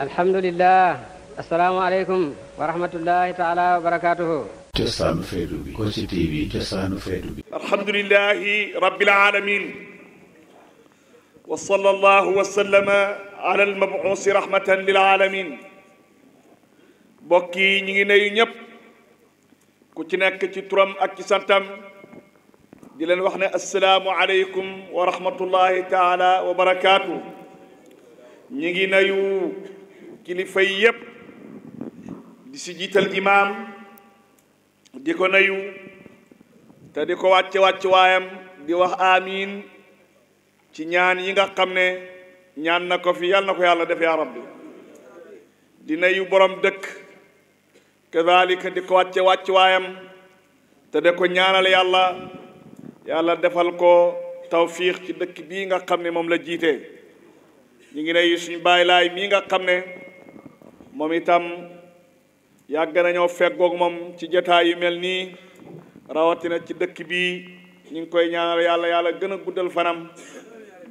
الحمد لله السلام عليكم ورحمة الله تعالى وبركاته جسان فيدوبي كوشي تي في جسان فيدوبي الحمد لله رب العالمين وصلى الله وسلم على المبعوث رحمة للعالمين بوكي نيغي نيو نيب كوتي نك تي ترام اك تي سانتام دي لن واخنا السلام عليكم ورحمة الله تعالى وبركاته نيغي نيو kilifa yi yépp di si jiital imaam di ko nayu te di ko wàcce wàcce waayam di wax amiin ci ñaan yi nga xam ne ñaan na ko fi yàlla na ko yàlla def yaa rabbi di nayu borom dëkk kazalika di ko wàcce wàcce waayam te di ko ñaanal yàlla yàlla defal ko tawfiix ci dëkk bii nga xam ne moom la jiite ñu ngi nayu suñu baay laay mii nga xam ne moom itam yàgg nañoo feggoog moom ci jataay yu mel nii rawatina ci dëkk bii ñu ngi koy ñaanal yàlla yàlla gën a guddal fanam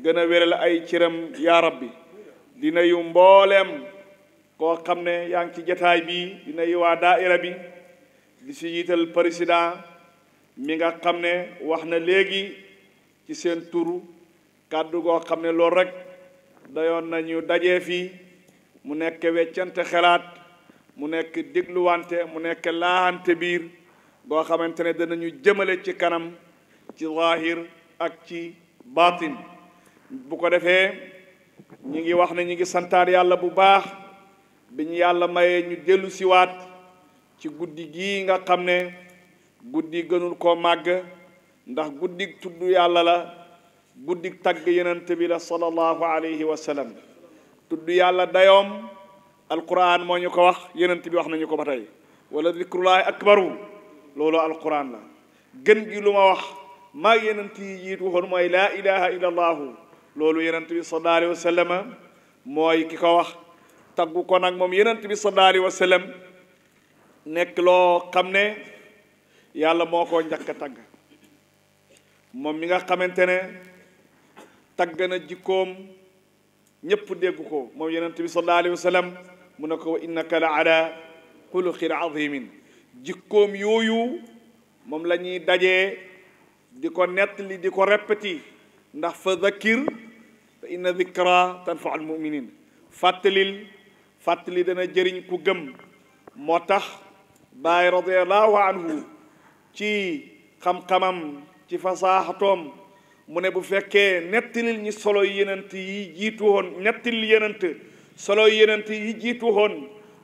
gën a wéral ay cëram yaa bi dina yu mbooleem koo xam ne yaa ngi ci jataay bii dina yu waa daaira bi di si yiital président mi nga xam ne wax na léegi ci seen tur kàddu goo xam ne loolu rek dayoon nañu dajee fii mu nekk weccante xalaat mu nekk dégluwante mu nekk laaxante biir boo xamante ne danañu jëmale ci kanam ci zaahir ak ci baatin bu ko defee ñu ngi wax ne ñi ngi santaar yàlla bu baax bi ñu yàlla maye ñu dellu siwaat ci guddi gii nga xam ne guddi gënul koo màgg ndax guddig tudd yàlla la guddi tagg yenent bi la sallallahu alayhi wa sallam tudd yàlla dayoom alquran moo ñu ko wax yenent bi wax nañu ko ba tey wala dikrullahi akbaru loolu alquran la gën gi lu ma wax maa yenent yi jiitu waxoon mooy laa ilaha illa allahu loolu yenent bi sallallahu alayhi wa sallama mooy ki ko wax taggu ko nag moom yenent bi sallallahu alayhi wa sallam nekk loo xam ne yàlla moo koo njëkk a tagg moom mi nga xamante ne tagg na jikkoom ñëpp dégg ko moom yonent bi sallallahu alayhi wa sallam mu ne ko wa innaka la ala xuluqin azimin jikkoom yooyu moom la ñuy dajee di ko nettali di ko répéti ndax fa zakir fa inna dhikra tanfa al muminin fàttalil fàttali dana jëriñ ku gëm moo tax baay radiallahu anhu ci xam-xamam ci fasaaxatoom mu ne bu fekkee nettalil ñi solo yenent yi jiitu woon nettalil yenent solo yénant yi jiitu woon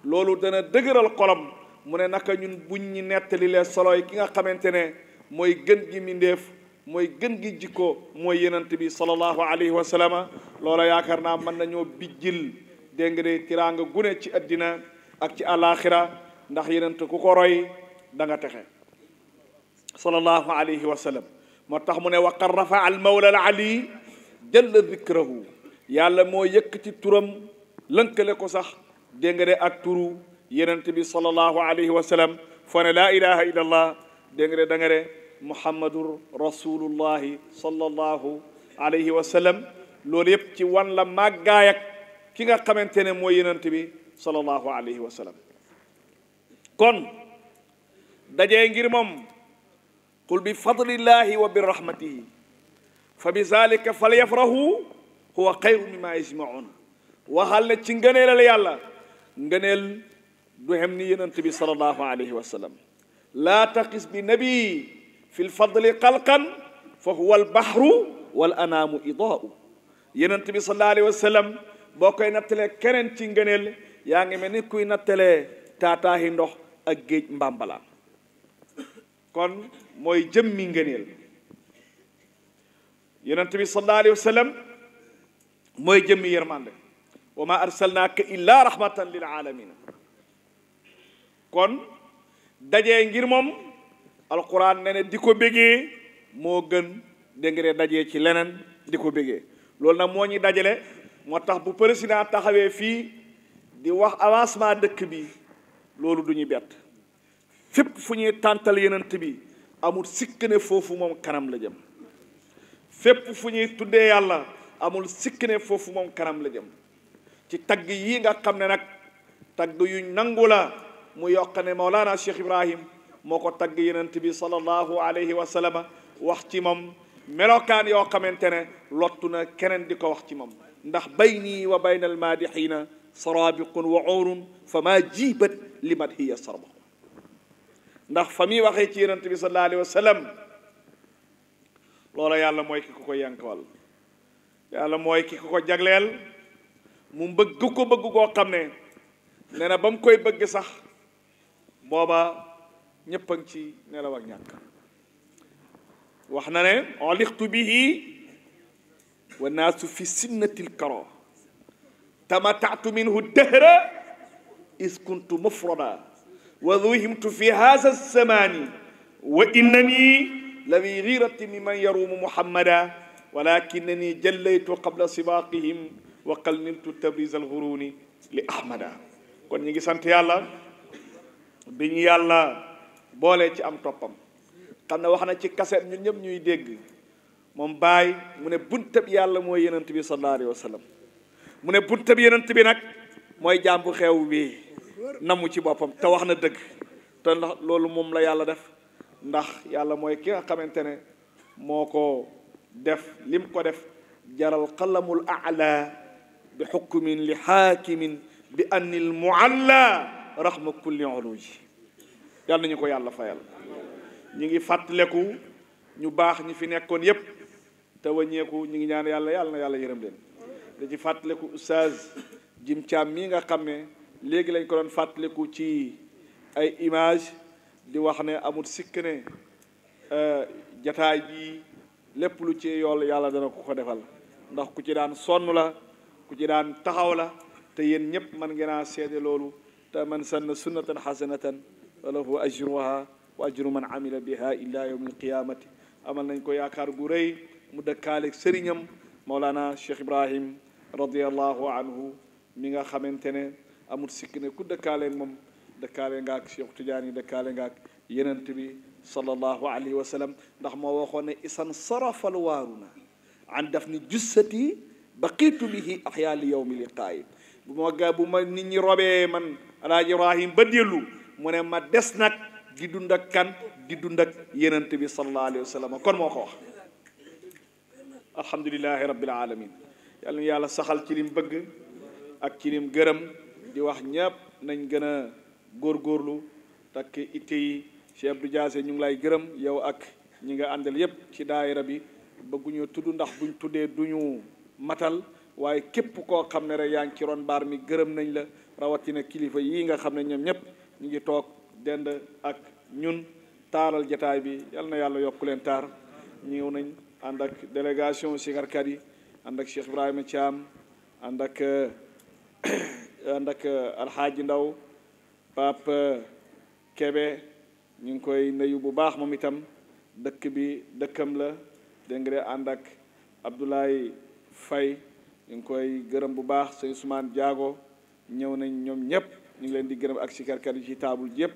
loolu dana dëgëral xolam mu ne naka ñun buñ ñi nettali lee solo yi ki nga xamante ne mooy gën gi mindéef mooy gën gi jikko mooy yenent bi sallallahu alayhi wa sallam loola yaakaar naa mën nañoo bijjil dégg nga de tiraanga gune ci àddina ak ci àllaaxira ndax yenent ku ko roy da nga texe sallallahu alayhi wa sallam moo tax mu ne waqar rafa al mawla al ali jalla zikrahu yàlla moo yëkkati turam lënkale ko sax dégg nga de ak turu yenent bi sallallahu alayhi wa sallam fo ne laa ilaha illa allah dégg nga de da nga de muhammadur rasulullahi sallallahu alayhi wa sallam loolu yëpp ci wan la màggaay ak ki nga xamante ne mooy yenent bi sallallahu alayhi wa sallam kon dajee ngir moom قل بفضل الله وبرحمته فبذلك فليفرحوا هو خير مما يجمعون وهل تشنغنيل لا يالا غنيل دوهمني ينتبي صلى الله عليه وسلم لا تقس بنبي في الفضل قلقا فهو البحر والانام اضاء ينتبي صلى الله عليه وسلم بوكاي نتل كنن تشنغنيل ياغي ملي كوي نتل تاتا هندو اك جيج مبامبلا kon mooy jëmmi ngëneel yonent bi sallallahu alayhi mooy jëmmi yërmande wa ma arsalnaaka illa rahmatan lil aalamin kon daje ngir moom alquran ne ne di ko bégee moo gën dégre dajee ci leneen di ko bégee loolu nag moo ñuy dajale moo tax bu président taxawee fii di wax avancement dëkk bi loolu du ñu bett fep fu tàntal yenent bi amul sikk fofu mom kanam la jëm fep fu tuddé yàlla amul sikk fofu mom kanam la jëm ci tag yi nga xamné nak tag yu nangula mu yokane maulana Cheikh Ibrahim moko tag yenent bi sallallahu alayhi wa sallam wax ci mom melokan yo xamantene lotuna kenen diko wax ci mom ndax bayni wa baynal almaadixiina sarabiqun wa urun fama jibat limadhiya sarba ndax fami waxe ci yaronte bi sallallahu alayhi wasallam lola yàlla moy ki kuko yankawal yàlla moy ki kuko jaglel mu mbeug ko beug go xamne neena bam koy beug sax boba ñeppang ci neela wak ñak waxna ne alikhtu bihi wa naasu fi sinnati alqara tamata'tu minhu dëhra is kuntu mufrada وذوهمت في هذا الزمان وإنني لذي غيرة ممن يروم محمدا ولكنني جليت قبل سباقهم وقللت تبريز الغرون لأحمدا كون نيجي سانت يالا بن يالا بولي تي أم توبام خمنا وحنا تي كاسيت ñun ñep ñuy dégg mom bay mu ne buntab yalla صلى الله عليه وسلم wasallam mu ne buntab yenenbi nak moy jambu xew bi namu ci boppam te wax na dëgg te ndax loolu moom la yàlla def ndax yàlla mooy ki nga xamante ne moo ko def lim ko def jaral qalamul ala bi xukmin li xaakimin bi anni l mualla rahma kulli uluji yàlla nañu ko yàlla fayal ñi ngi fàttaleku ñu baax ñi fi nekkoon yépp te wàññeeku ñi ngi ñaan yàlla yàlla na yàlla yërëm leen da ci fàttaleku ustaaz jim caam mii nga xam ne léegi lañ ko doon fàttaliku ci ay image di wax ne amul sikk ne jataay bii lépp lu ci yool yàlla dana ko ko defal ndax ku ci daan sonn la ku ci daan taxaw la te yéen ñëpp man ngeen a seede loolu te man sanna sunnatan xasanatan falahu ajruha wa ajru man amila biha illa yawm alqiyamati amal nañ ko yaakaar gu rëy mu dëkkaaleeg sëriñam maulana cheikh ibrahim radiallahu anhu mi nga xamante ne amul sikine ku dëkkaale mom dëkkaale ngak Cheikh Tidiane dëkkaale ngak yenente bi sallallahu alayhi wa sallam ndax mo waxone isan sarafal waruna an dafni jussati baqitu bihi ahya li yawmi liqaayi bu mo ga bu ma nit ñi robé man alaaji Ibrahim ba delu mo ne ma des nak di dund ak kan di dund ak yenente bi sallallahu alayhi wa sallam kon moo ko wax alhamdulillah rabbil alamin yàlla yàlla saxal ci lim bëgg ak ci lim gëreem di wax ñepp nañ gëna gor iti tak ité yi Cheikh Abdou jassé ñu ngi lay gërëm yow ak ñi nga andal yépp ci daayira bi ñu tuddu ndax buñ tuddé duñu matal waye képp ko xamné ne yaang ci ron bar mi gërëm nañ la rawatina kilifa yi nga xamné ñom ñepp ñi ngi tok dend ak ñun taral jotaay bi yalla na yalla yokku leen taar ñëw nañ ànd ak délégation sikarkat yi Cheikh Ibrahima cham ak andak ke eh, alxaaji ndaw Pape Kebe ñu ngi koy nuyu bu baax moom itam dëkk bi dëkkam la dégg nga ànd ak Abdoulaye Faye ñu ngi koy gërëm bu baax sëñ Ousmane Diago ñëw nañ ñoom ñëpp ñu ngi leen di gërëm ak sikarkat yi ci table yëpp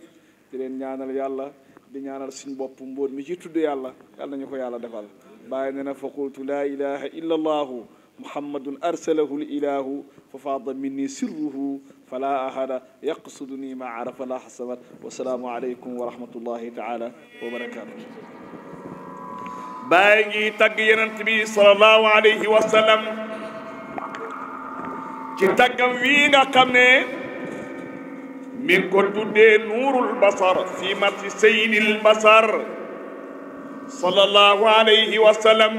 di leen ñaanal yàlla di ñaanal suñ bopp mbóot mi ci tudd yàlla yàlla nañu ko yàlla defal bàyyi ne na ilaha illa allahu محمد أرسله الإله ففاض مني سره فلا أحد يقصدني ما عرف لا حسب والسلام عليكم ورحمة الله تعالى وبركاته باقي تقينا النبي صلى الله عليه وسلم تقم وينا من قد نور البصر في مرت سين البصر صلى الله عليه وسلم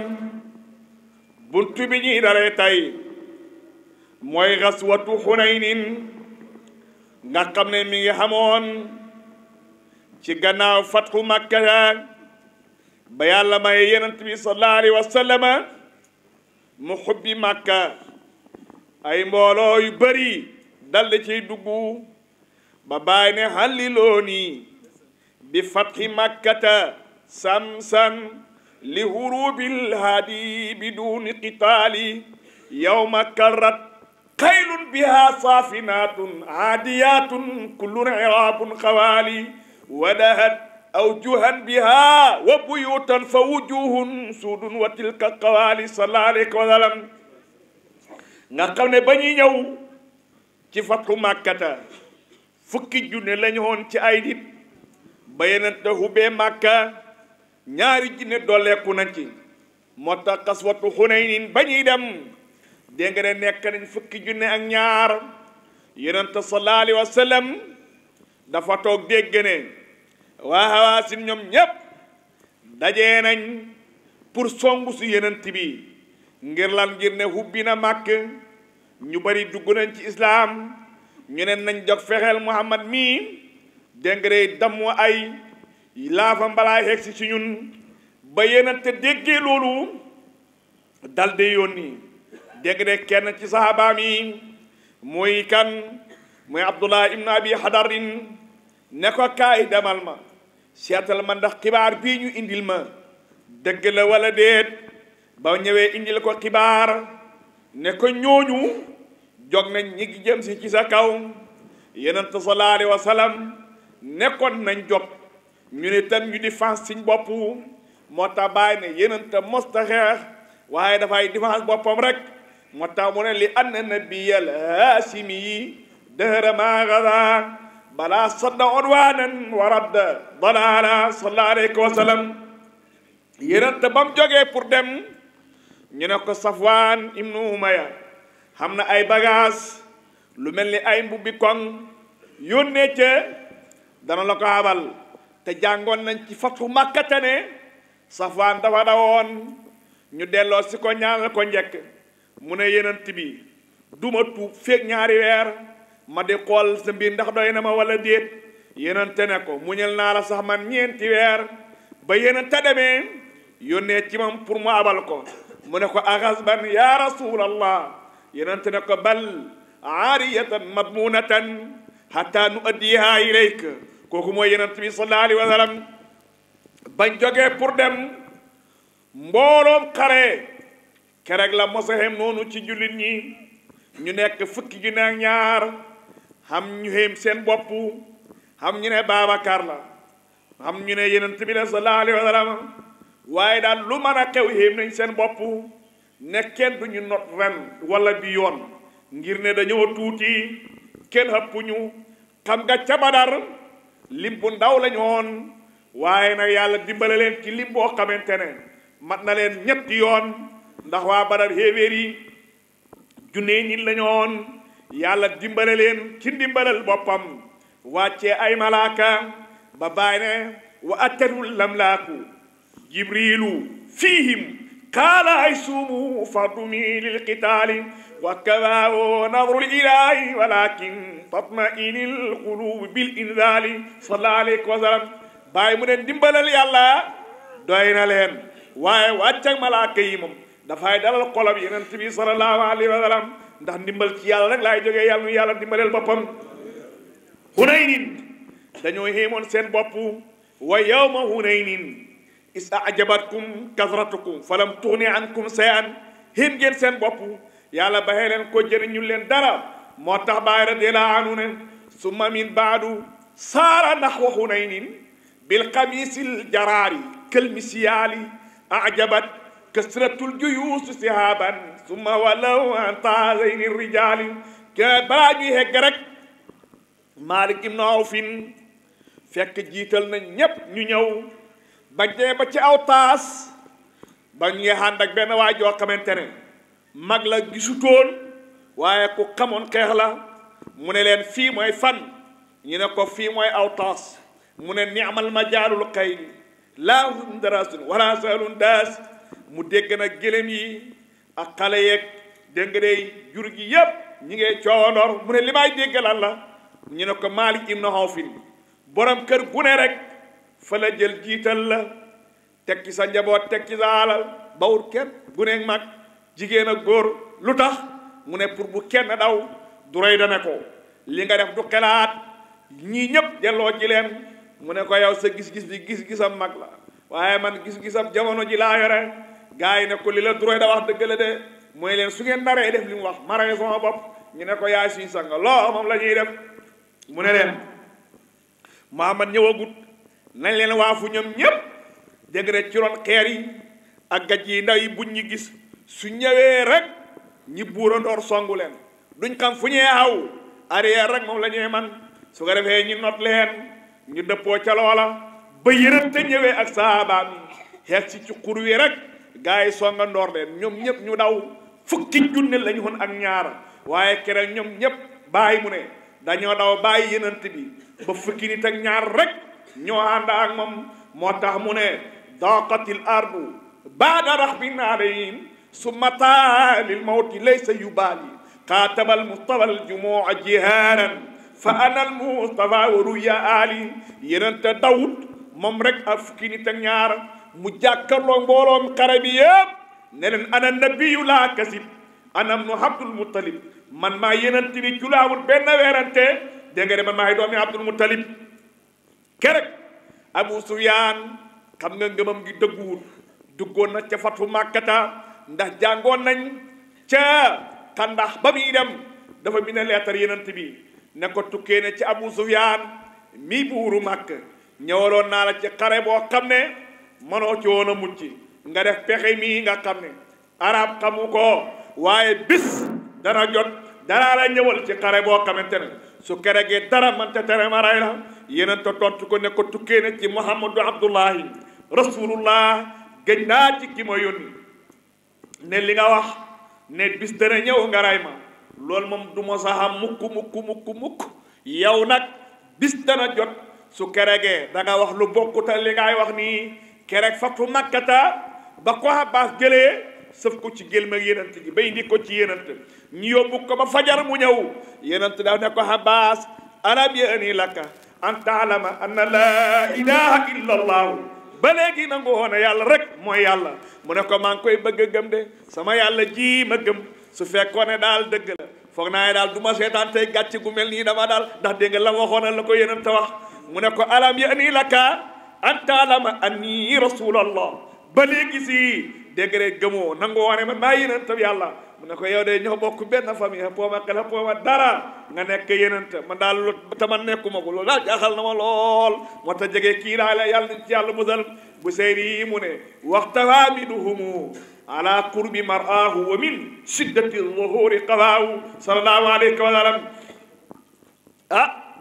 bunt bi ñuy daree mooy xaswatu xunaynin nga xam ne mi ngi xamoon ci gannaaw fatxu makka ba yàlla may yenent bi sallallahu alayhi wa mu xubbi makka ay mbooloo yu bëri dal di ciy dugg ba bàyyi ne xallilooni bi fatxi makkata sam لهروب الهادي بدون قتال يوم كرت خيل بها صافنات عاديات كل عراب خوالي ودهت أوجها بها وبيوتا فوجوه سود وتلك قوالي صلى الله عليه وسلم نقل بني نيو ci fatxu màkkata fukki junne lañu woon ci ay nit ba yeneen te hubee màkka ñaari jinne dooleeku nañ ci moo tax xaswatu xunaynin ba ñuy dem dégg nga ne nekk nañ fukki junne ak ñaar yonente sallallahu alayhi dafa toog dégg ne waa hawaasin ñoom ñépp dajee nañ pour songu si yonent bi ngir lan ngir ne hubbi na màkk ñu bari dugg nañ ci islaam ñu nañ jox fexeel muhammad mii dégg nga ne ay laafam balaa yegg si si ñun ba yéen a te déggee loolu dal de yónni dégg de kenn ci sahabaam yi mooy kan mooy abdullah ibnu abi hadarin ne ko kaay demal ma seetal ma ndax xibaar bii ñu indil ma dëgg la wala déet ba ñëwee indil ko xibaar ne ko ñooñu jog nañ ñi ngi jëm si ci sa kaw yenent sallallahu alayhi wa sallam nekkoon nañ jot ñu ne tam ñu défense suñ bopp moo tax bàyyi ne yenente mosta xeex waaye dafay défense boppam rek moo tax mu ne li anna nabiyal haasimi yi dëhëra maa gada balaa sadda odwaanan wa radda dalaala sallallahu alayhi wa pour dem ñu ne ko safwaan umaya xam na ay bagaas lu mel ni ay mbubbi koŋ yónnee ca dana la ko abal te jàngoon nañ ci fatu màkkate ne safaan dafa dawoon ñu delloo si ko ñaanal ko njekk mu ne yenant bi duma tuub feeg ñaari weer ma di xool sa mbir ndax doy na ma wala déet yenante ne ko muñal naa la sax man ñeenti weer ba yenante demee yónnee ci moom pour mu abal ko mu ne ko axas ban ya rasulallah yenante ne ko bal aariyatan madmunatan hatta nu addiha ilayka kooku mooy yonent bi sallallahu alayhi wa sallam bañ jógee pour dem mbooloom xare kereg la mosaxem noonu ci jullit ñi ñu nekk fukki junne ak ñaar xam ñu xéem seen bopp xam ñu ne Babacar la xam ñu ne yonent bi la sallallahu alayhi wa sallam waaye daal lu mën a xew xéem nañ seen bopp nekkeen du ñu not ren wala bi yoon ngir ne dañoo tuuti kenn xëppuñu xam nga ca lim ndaw lañu waaye nag yàlla dimbale leen ci lim boo xamante mat na leen ñetti yoon ndax waa badar xéewéer yi junnee nit lañu woon yàlla dimbale leen ci dimbalal boppam wàccee ay malaaka ba bàyyi ne wa attatul lamlaaku jibriilu fiihim قال عيسو فاطمي للقتال وكذا نظر الإله ولكن تطمئن القلوب بالإنذال صلى عليك وسلم باي من الدمبل يا الله دوينا لهم واي واتشك ملاكيهم دفاي دال القلب ينتبه صلى الله عليه وسلم ndax ndimbal ci yàlla rek lay joge yàlla nu yàlla dimbalel boppam hunaynin dañoo xéemoon seen bopp wa yawma hunaynin is ajabatkum kasratukum falam tuxni ankum sayan hin ngeen seen bopp yàlla baxee leen ko jëriñu leen dara moo tax baay radiallahu anhu ne summa min baadu saara naxwa xunaynin bilxamisil jaraari kalmisiyaali ajabat kasratul juyuusu sihaaban summa walaw an taazayni rijaali ke balaa ñuy hegg rek maalik ibnu awfin fekk jiital na ñépp ñu ñëw ba demee ba ci aw taas ba ñu ànd ak benn waay joo xamante ne mag la gisutool waaye ku xamoon xeex la mu ne leen fii mooy fan ñu ne ko fii mooy aw taas mu ne niamal ma jaalul xay laa hum daraasun wala saalun daas mu dégg na gélém yi ak xale yeeg dégg nga jur gi yépp ñu ngay coowandoor mu ne li may dégg la ñu ne ko Maalik ibn Awf borom kër gu ne rek fa la jël jiital la tekki sa njaboot tekki sa alal bawut kenn gune ak mag jigéen ak góor lu tax mu ne pour bu kenn daw du rey dana ko li nga def du xelaat ñii ñépp delloo ji leen mu ne ko yow sa gis-gis bi gis-gisam mag la waaye man gis-gisam jamono ji laa yore yi ne li la du rey da wax dëgg mooy leen su ngeen naree def li mu wax ma rey sama bopp ñu ne ko yaay suñu sang loo moom la ñuy def mu ne leen Muhammad ñëwagut nañ leen waafu ñoom ñépp dégg rek ci ron xeer yi ak gaj yi ndaw yi buñ ñu gis su ñëwee rek ñi buurandoor songu leen duñ xam fu ñee aw arrière rek moom la man su ko defee ñu not leen ñu dëppoo ca loola ba yërante ñëwee ak saabaam xees ci ci wi rek gars yi songandoor leen ñoom ñëpp ñu daw fukki junne lañu woon ak ñaar waaye keroog ñoom ñëpp bàyyi mu ne dañoo daw bàyyi yënant bi ba fukki ak ñaar rek ñoo ànd ak moom moo tax mu ne daqatil ardu baada rahmin alayhim summa taalil mawti laysa yubaali قاتب المصطفى الجموع جهارا فانا المصطفى ورؤيا الي يننت داود موم رك افكيني تا ñaar mu jakarlo mbolom xarabi yeb nenen ana nabiy la kasib ana ibn abdul muttalib man ma yenanti bi julawul ben werante de nga dem may doomi abdul muttalib kerek abu sufyaan xam nga ngëmam gi dëgguwul duggoon na ca fatu màkkata ndax jàngoon nañ ca xandax ba muy dem dafa bind leetar yenant bi ne ko tukkee ne ci abu sufyaan mii buuru màkk ñëwaloon naa la ci xare boo xam ne mënoo ci woon a mucc nga def pexe mii nga xam ne arab xamu ko waaye bis dana jot dara la ñëwal ci xare boo xamante ne su keregee dara man te tere ma ray la yeneen te tontu ko ne ko tukkee ne ci muhammadu abdullahi rasulullah gëj naa ci ki ma yónni ne li nga wax ne bis dana ñëw nga ray ma loolu moom du ma saxam mukk mukk mukk mukk yow nag bis dana jot su keregee da nga wax lu bokkute li ngay wax nii kereg fatu makkata ba ko Abbaas jëlee sëf ko ci gélma yenant gi bay ndi ko ci yenant ñu yóbbu ko ba fajar mu ñëw yenant daaw ne ko Abbas alam yaani laka an taalama anna laa ilaha illa allahu ba léegi nangu woon yàlla rek mooy yàlla mu ne ko maa ngi koy bëgg a gëm de sama yàlla ji ma gëm su fekkoon ne daal dëgg foog naa daal du ma seetaan tey gàcce gu mel nii dama daal ndax dégg nga la waxoon la ko yenant wax mu ne ko alam yaani laka an taalama anni rasulallah ba léegi si dégré gëmoo nangoo wane man maa yénantab yàlla mu ne ko yow de ñoo bokk benn famille xappooma xel xappooma dara nga nekk yénanta ma daal lu taman nekkuma ko loolu daal jaaxal na ma lool moo tax jege kii daa la yàlla ci yàlla musal bu seyri yi mu ne waxtawaa mi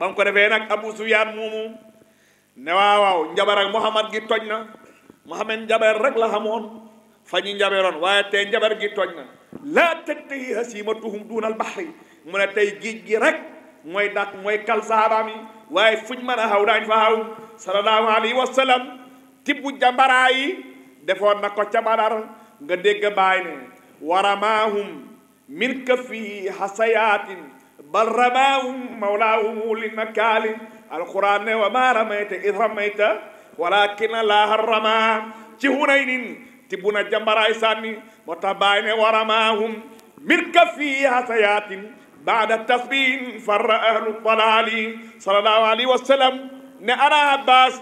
ah, ko defee nag Abu Sufyaan moomu ne waaw waaw Muhammad gi toj na Muhammad njabar rek la xamoon fañi njaɓeron waaye tey njaɓar gi tooñ na laa tattahi hasimatuhum duunal bahri mu ne tey géej gi rek mooy dàq mooy kal sahabaam yi waaye fuñ mën a xaw daañ fa xaw sallallahu alayhi wa sallam tibbu jambaraa yi defoon ca badar nga dégg baay ne min kafihi hasayaatin bal ramaahum mawlaahum li nakaali alquran ne wa ma ramayta id ramayta walakin allaha rama ci tibbuna jambaraay sànni moo tax baay ne waramaahum mirka fii hasayatin baada tasbihin farra ahlu dalaali sallallahu alayhi wa sallam ne ana abbas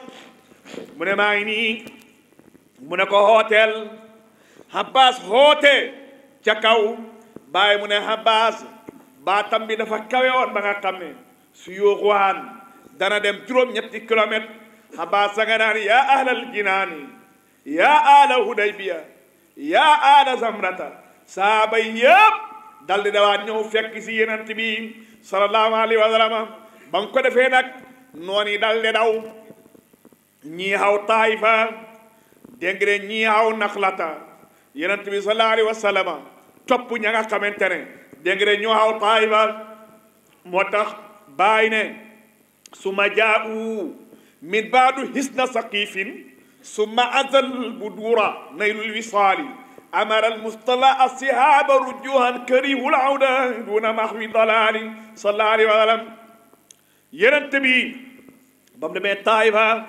mu ne maa ko hotel abbas hoote ca kaw baay mu ne abbas dafa kawe woon ba nga xam ne dana dem juróom ñetti kilomètre abbas sa ahlal jinaani yaa aala hudaybiya yaa aala zamrata saaba yëpp dal di dawaat ñëw fekk si yenant bi sallallahu alayhi wa sallam ko defee nag noonu yi dal di daw ñii xaw taayifa dégg de ñii xaw naxlata yenant bi sallallahu alayhi wa sallam topp ña nga xamante ne dégg de ñoo taayifa moo tax bàyyi ne su ma jaa min baadu his na saqiifin ثم أتى البدور نيل الوصال أمر المصطلى الصحاب رجوها كريه العودة دون محو ضلال صلى الله عليه وسلم yenent bi ba mu demee Taayba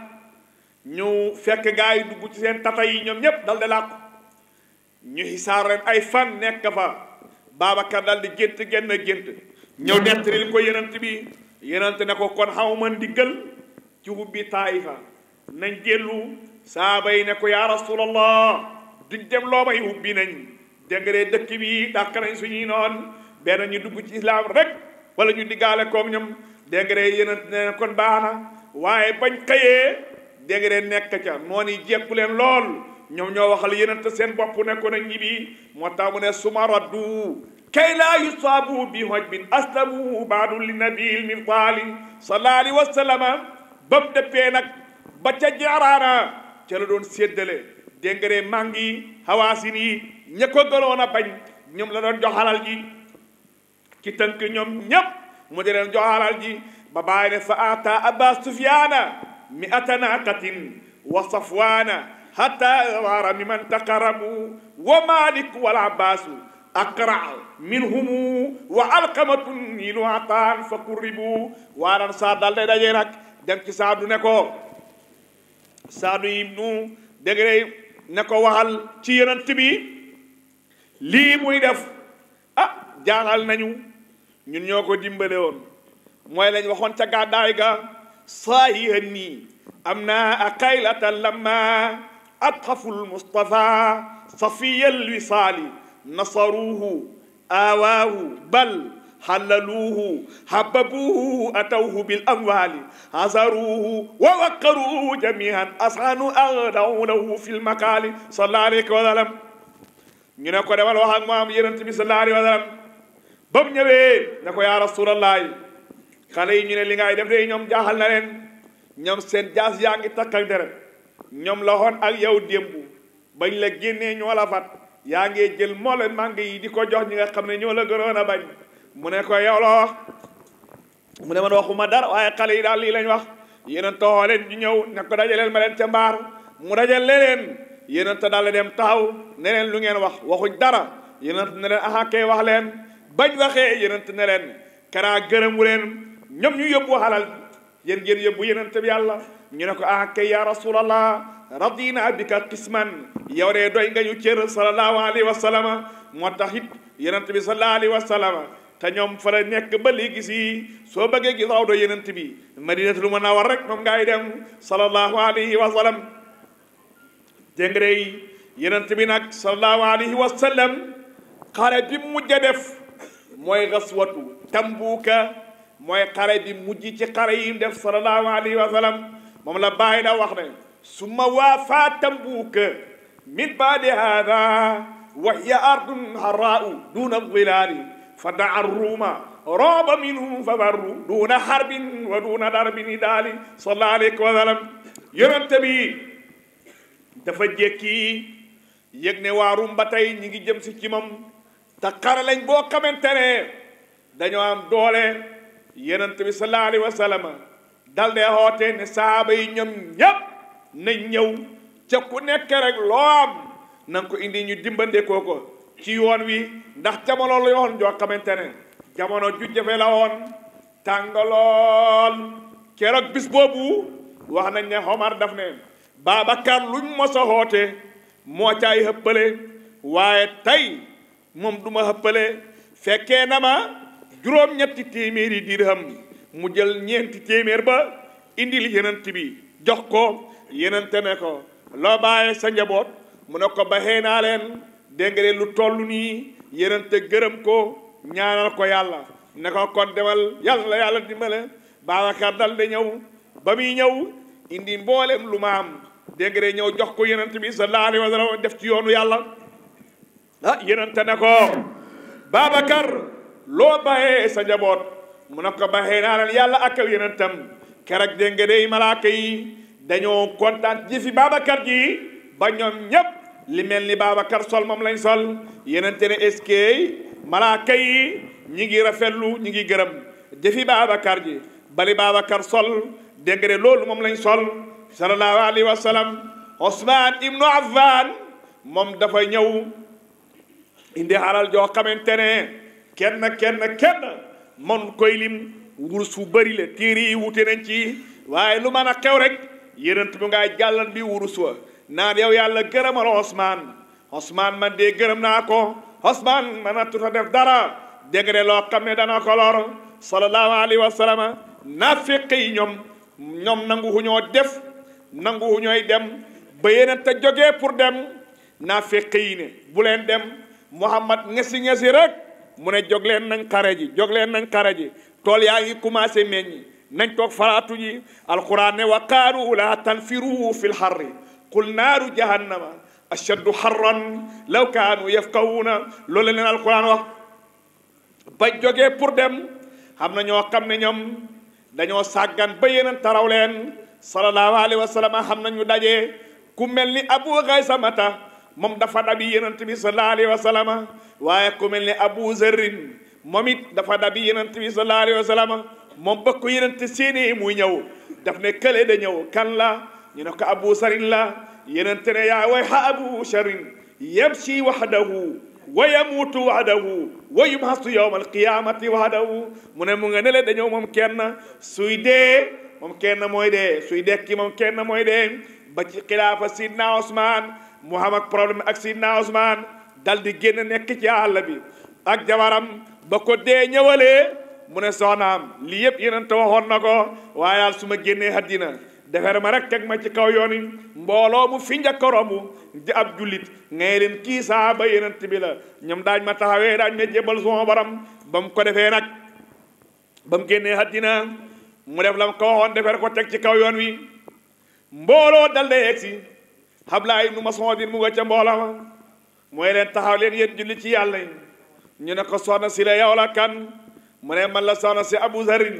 ñu fekk gaa yi dugg ci seen tata ñoom ñépp dal di ñu xisaar leen ay fan nekk fa Babacar dal di gént genn gént ñëw nettalil ko yenent bi yenent ne ko kon xaw ma ndigal ci ubbi Taayba nañ dellu saaba yi ne ko yaa rasulallah dig dem looba yi ubbi nañ dégg nga dee dëkk bi dàq nañ suñuy noon benn ñu dugg ci islaam rek wala ñu diggaale koog ñoom dégg nga dee ne kon baax na waaye bañ xëyee dégg nga nekk ca noon yi jekku leen lool ñoom ñoo waxal yeneen te seen bopp ne ko nañ ñibi moo tax mu ne suma raddu kay laa yusaabu bi hojbin aslamu baadu li nabil mirtaali sallallahu alayhi wa sallama ba mu dëppee nag ba ca jaaraana ca la doon séddale déngëree màng yi hawaasin yi ña ko gënoon a bañ ji ci tënk ñoom ñépp mu di leen joxalal ji ba ne fa ata aba sufyaana mi ata wa safwaana hatta waara mi man takaramu wa malik wal abbaasu أقرع منهم وألقمة نيل عطان فقربوا وأنا صاد الله دجيرك دمك صاد نكو saadu ibnu degre ne ko waxal ci yonent bi lii muy def ah jaaxal nañu ñun ñoo ko dimbale woon mooy lañ waxoon ca gàddaay ga saahihan nii am naa akaylata lamma أطهفوا المصطفى صفي الوصال نصروه آواه بل حللوه حببوه أتوه بالأموال عزروه ووقروه جميعا أصحانوا أغدعونه في المقال صلى الله عليه وسلم ñu ne ko demal wax ak maam yonent bi sallallahu alayhi wa sallam ba mu ñëwee ne ko yaa rasulallahi xale yi ñu ne li ngay def de ñoom jaaxal na leen ñoom seen jaas yaa ngi takkante rek ñoom la xoon ak yow démb bañ la génnee ñoo la fat yaa ngi jël moo leen màng yi di ko jox ñi nga xam ne ñoo la gënoon a bañ mu ne ko yow mu ne man waxuma dara waaye xale yi daal lii lañ wax yeneen toxoo leen ñu ñëw ne ko dajaleel ma leen ca mbaar mu dajal leen yeneen ta daal dem taxaw ne lu ngeen wax waxuñ dara yeneen ne leen aha wax leen bañ waxee yeneen ne leen karaa gërëmu leen ñoom ñu yóbbu xalal yéen ngeen yóbbu yeneen bi yàlla ñu ne ko aha kay ya rasulallah radina bika qisman yow de doy nga ñu cër sallallahu alayhi wa sallam moo tax it yonent bi sallallahu alayhi wa te ñoom fa la nekk ba léegi si soo bëggee gis aw do yenent bi madinatul munawwar rek moom ngay dem sallallahu alayhi wa sallam dégg nga yenent bi nag sallallahu alayhi wa sallam xare bi mujj def mooy gaswatu tambuuka mooy xare bi mujj ci xare yi def sallallahu alayhi wa sallam moom la bàyyi da wax ne summa waafa tambuuka min baadi hada wa hiya ardun harraau duna zilaali فدعا الروم راب منهم فبروا دون حرب ودون درب ندال صلى الله عليه وسلم yonent bi dafa jékki yëg ne waa Rum ba ñi ngi jëm si ci moom te boo xamante ne dañoo am doole yonent bi sallallahu dal de xoote ne saaba yi ñoom ñépp nañ ñëw ca ku nekk loo am na ko indi ñu dimbandekoo ko ci yoon wi ndax jamono la yoon joo xamante ne jamono ju jafe la woon tàngalool keroog bis boobu wax nañ ne Omar daf ne Babacar luñ mos a xoote moo caay waaye tey moom du ma xëppale fekkee na ma juróom-ñetti téeméeri xam mu jël ñeenti téeméer ba indil yenent bi jox ko yeneen ne ko loo sa njaboot mu ne ko baxee naa leen dégg nga lu toll nii yenente gërëm ko ñaanal ko yàlla ne ko kon demal yàlla la yàlla dimbale Babacar dal de ba muy ñaw indi mboolem lu ma am dégg nga ñëw jox ko yenente bi sallallahu alayhi wa def ci yoonu yàlla ah yenente ne ko Babacar loo baxee sa jaboot mu na ko baxee naa leen yàlla ak yenentam keroog dégg nga malaaka yi dañoo kontaan ji fi Babacar ji ba ñoom ñépp li mel ni Babacar sol moom lañ sol yeneen ne est-ce que malaaka yi ñi ngi rafetlu ñi ngi gërëm jëfi Babacar ji bali Babacar sol dégg de loolu moom lañ sol sallallahu alayhi wa sallam Ousmane ibnu Affan moom dafa ñëw indi alal joo xamante ne kenn kenn kenn man koy lim wurus wu bari la téere yi wute nañ ci waaye lu mën a xew rek yenent bi ngay jàllan bi wurus wa naan yow yàlla gërëmal Ousmane Ousmane man de gërëm naa ko Ousmane man atuta def dara dégre loo xam ne dana ko lor sallallahu alayhi wa sallam nafiq ñoom ñoom nangu huñoo def nangu huñooy dem ba yéen te jógee pour dem nafiq yi ne bu leen dem Muhammad ngesi ngesi rek mu ne jóg leen nañ xare jog leen nañ xare ji tool yaa ngi commencé meññ nañ toog faraatu ji alquran ne wa qaalu la tanfiru fi l xarri qul naaru jahannama ashaddu harran law kaanu yafqahuuna loolu la leen alquran wax ba jógee pour dem xam na ñoo xam ne ñoom dañoo saggan ba yeneen taraw leen sallallahu alayhi wa sallam xam nañu daje ku mel ni abu xaysamata moom dafa dabi yenent bi sallallahu alayhi wa sallam waaye ku mel ni abu zarrin moom it dafa dabi yenent bi sallallahu alayhi moom ba ko yenent seeni muy ñëw daf ne kële da ñëw kan la ñu ne ko abu sarin la yenente ne yaa wayxa abu sharin yamshi waxdahu wa yamuutu waxdahu wa yubhasu yowma alqiyamati waxdahu mu ne mu nga ne le dañoo moom kenn suy dee moom kenn mooy dee suy dekki moom kenn mooy dee ba ci xilaafa sidna Ousmane mu xam ak problème ak sidna Ousmane dal di génn nekk ci àll bi ak jabaram ba ko dee ñëwalee mu ne soxnaam lii yëpp yenente waxoon na ko waaye daal su ma génnee àddina defar ma rek teg ma ci kaw yoon yi mbooloo mu fi njëkk ji romb di ab jullit ngay leen kii saaba yenent bi la ñoom daañ ma taxawee daañ ma jébal sama borom ba ko defee nag ba génnee àddina mu def la mu ko waxoon defar ko teg ci kaw yoon wi mbooloo dal day egsi Ablaay nu ma sama din mu nga ca mbooloo ma mooy leen taxaw leen yéen jullit ci yàlla ñu ne ko soxna si la yow la kan mu ne man la soxna si Abu Zarin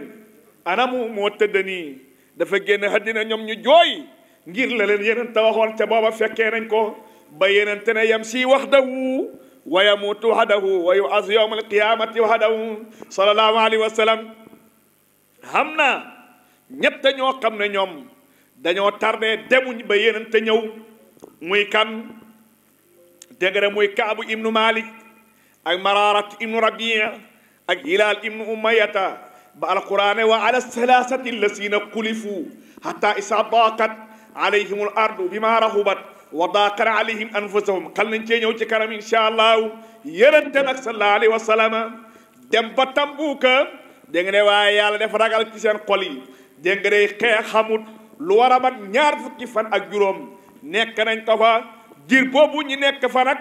ana moo tëdd nii dafa génn àddina ñoom ñu joy ngir la leen yeneen ta waxoon te booba fekkee nañ ko ba yeneen te ne yam si waxdahu wa yamuutu waxdahu wa yuas yowma alqiyamati waxdahu sallallahu alayhi wa sallam xam ñett ñoo xam ne dañoo tardé demuñ ba yeneen te ñëw muy kan dégre muy kaabu ibnu malik ak mararat ibnu rabia ak hilal ibnu umayata بالقرآن وعلى الثلاثة الذين قلفوا حتى إذا ضاقت عليهم الأرض بما رهبت وضاقت عليهم أنفسهم قال نجي نيو كرم إن شاء الله يرنتن صلى الله عليه وسلم dem ba tambuuka dégg nga ne waaye yàlla def ragal ci seen xol yi dégg nga ne xee xamut lu war a mat ñaar fukki fan ak juróom nekk nañ ko fa jir boobu ñu nekk fa nag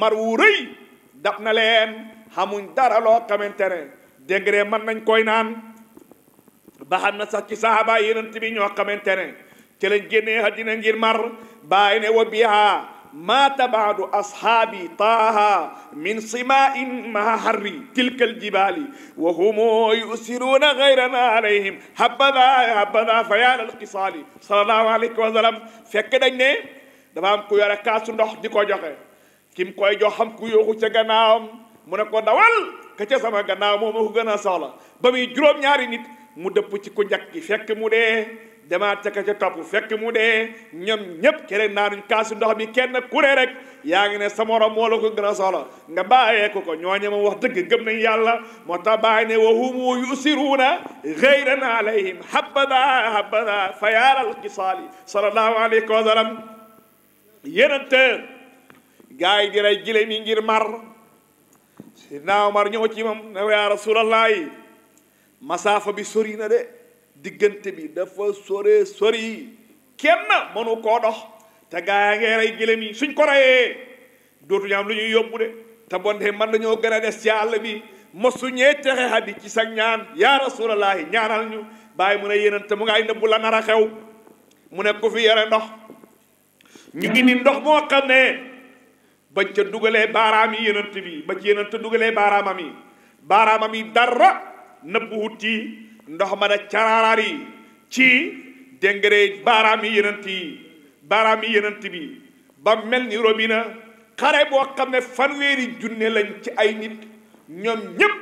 mar wu rëy dab na leen xamuñ dara loo xamante ne degré man nañ koy naan ba xamna sax ci sahaba yenent bi ñoo xamantene ne ci lañ génnee àddina ngir mar bàyyi wa biha ما تبعد أصحابي طه من صماء ما حري تلك الجبال وهم يؤسرون غيرنا عليهم هبذا حبذا فيا للقصال صلى الله عليه وسلم فك دنج دا dafa كو ku كاسو نوخ ديكو di كيم joxe kim koy jox xam ku yooxu ca gannaawam ka sama ganda moom ma gana gën a soxla ba muy juróom-ñaari nit mu dëpp ci ku njëkk ki fekk mu dee demaat ca ka ca topp fekk mu dee ñoom ñépp kere naanuñ kaasu ndox mi kenn kuré rek yaa ngi ne sa morom moo la ko gën a nga bàyyee ko ko ñooñe ma wax dëgg gëm nañ yàlla moo tax bàyyi ne wa hum yusiruuna gayran alayhim habada habada fayaaral qisaali sallallahu alayhi wa sallam yenente gars di rey gile mi ngir mar sidna omar ñëw ci moom ne yaa rasulallahi masaafa bi sori na de diggante bi dafa sore sori kenn mënu koo dox te gaa yaa rey gëlëm yi suñ ko reyee dootuñu lu ñuy yóbbu de te bonte man dañoo gën a des ci àll bi mosu ñee texe hadi ci sa ñaan yaa rasulallahi ñaanal ñu bàyyi mu ne yéenante mu ngay nëbbu la nar a xew mu ne ku fi ndox ñu ngi ni ndox moo xam ne bañ ca dugalee baaraam yi yenant bi ba ci yenant dugalee baaraamam yi baaraamam yi dara nëbbuwut ci ndox ma da caraaraar yi ci déngëree baaraam yi yenant yi baaraam yi yenant bi ba mel ni robina xare boo xam ne fanweeri junne lañ ci ay nit ñoom ñépp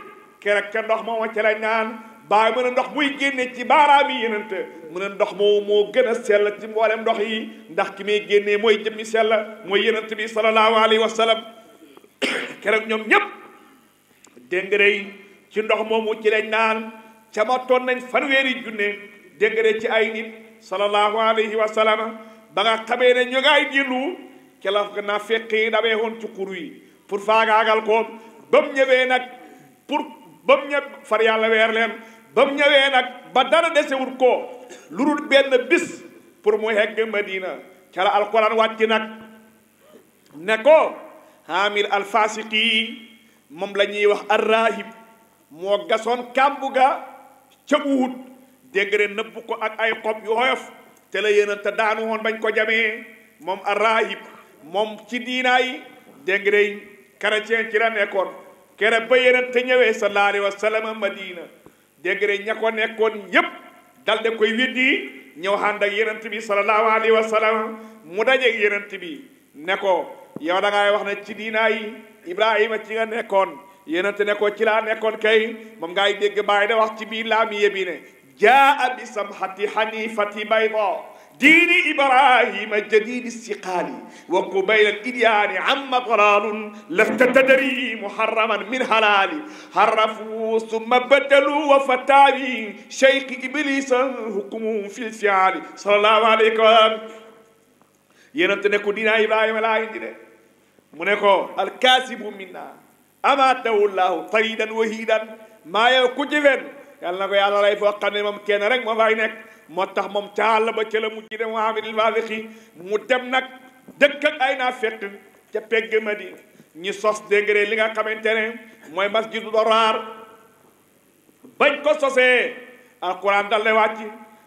keroog ca ndox ma wa ca ñaan baay mu ne ndox buy génne ci baaraam yi yenente mu ne ndox moo moo gën a sell ci mboolem ndox yi ndax ki muy génnee mooy jëmmi sell mooy yenent bi sallallahu alayhi wa sallam keroog ñoom ñépp déngrey ci ndox moomu ci lañ naan camatoon nañ fanweeri junne ci ay nit sallallahu alayhi wa sallam ba nga xamee ne ñu ngaay dillu naa fekk yi damee woon ci xur yi pour faagaagal ko ba mu ñëwee nag pour ba mu ñëw far yàlla weer leen ba mu ñëwee nag ba dara desewul ko lu dul benn bis pour mu hegg Madina ca la alquran wàcc nag ne ko hamil moom la ñuy wax arrahib moo gasoon kàmbu ga ca Uhud ko ak ay xob yu woyof te la yéenante daanu woon bañ ko jamee moom arrahib moom ci diinaay dégré chrétien ci la nekkoon kere ba yéenante ñëwee sallallahu alayhi wa sallam Madina degré ña ko nekkoon yépp dal de koy weddi ñëw ànd ak yenent bi sallallahu alayhi wa sallam mu dajeeg yenent bi ne ko yow da ngay wax ne ci diinaa yi ibrahima ci nga nekkoon yenent ne ci laa nekkoon kay moom ngay dégg bàyyi da wax ci biir laamiye bi ne jaa bi samhati hanifati bayda دين إبراهيم الجديد السقالي وقبيل الإديان عم ضلال لست تدري محرما من هلال حرفوا ثم بدلوا وفتاوي شيخ إبليس حكم في الفعل صلى الله عليه وسلم ينت نكو دين إبراهيم لا عندنا منكو الكاسب منا أما الله طريدا وهيدا ما يكجفن يالنا يالا لاي فوقنا مم كان رك motax mom moom ba ci la mujj dem Muhammadul Faadixi mu dem nak dëkk ak ayna naa fekk ca pegg Madina ñi sos dégré li nga xamantene moy masjidu doraar bañ ko sosee alquran dal le wàcc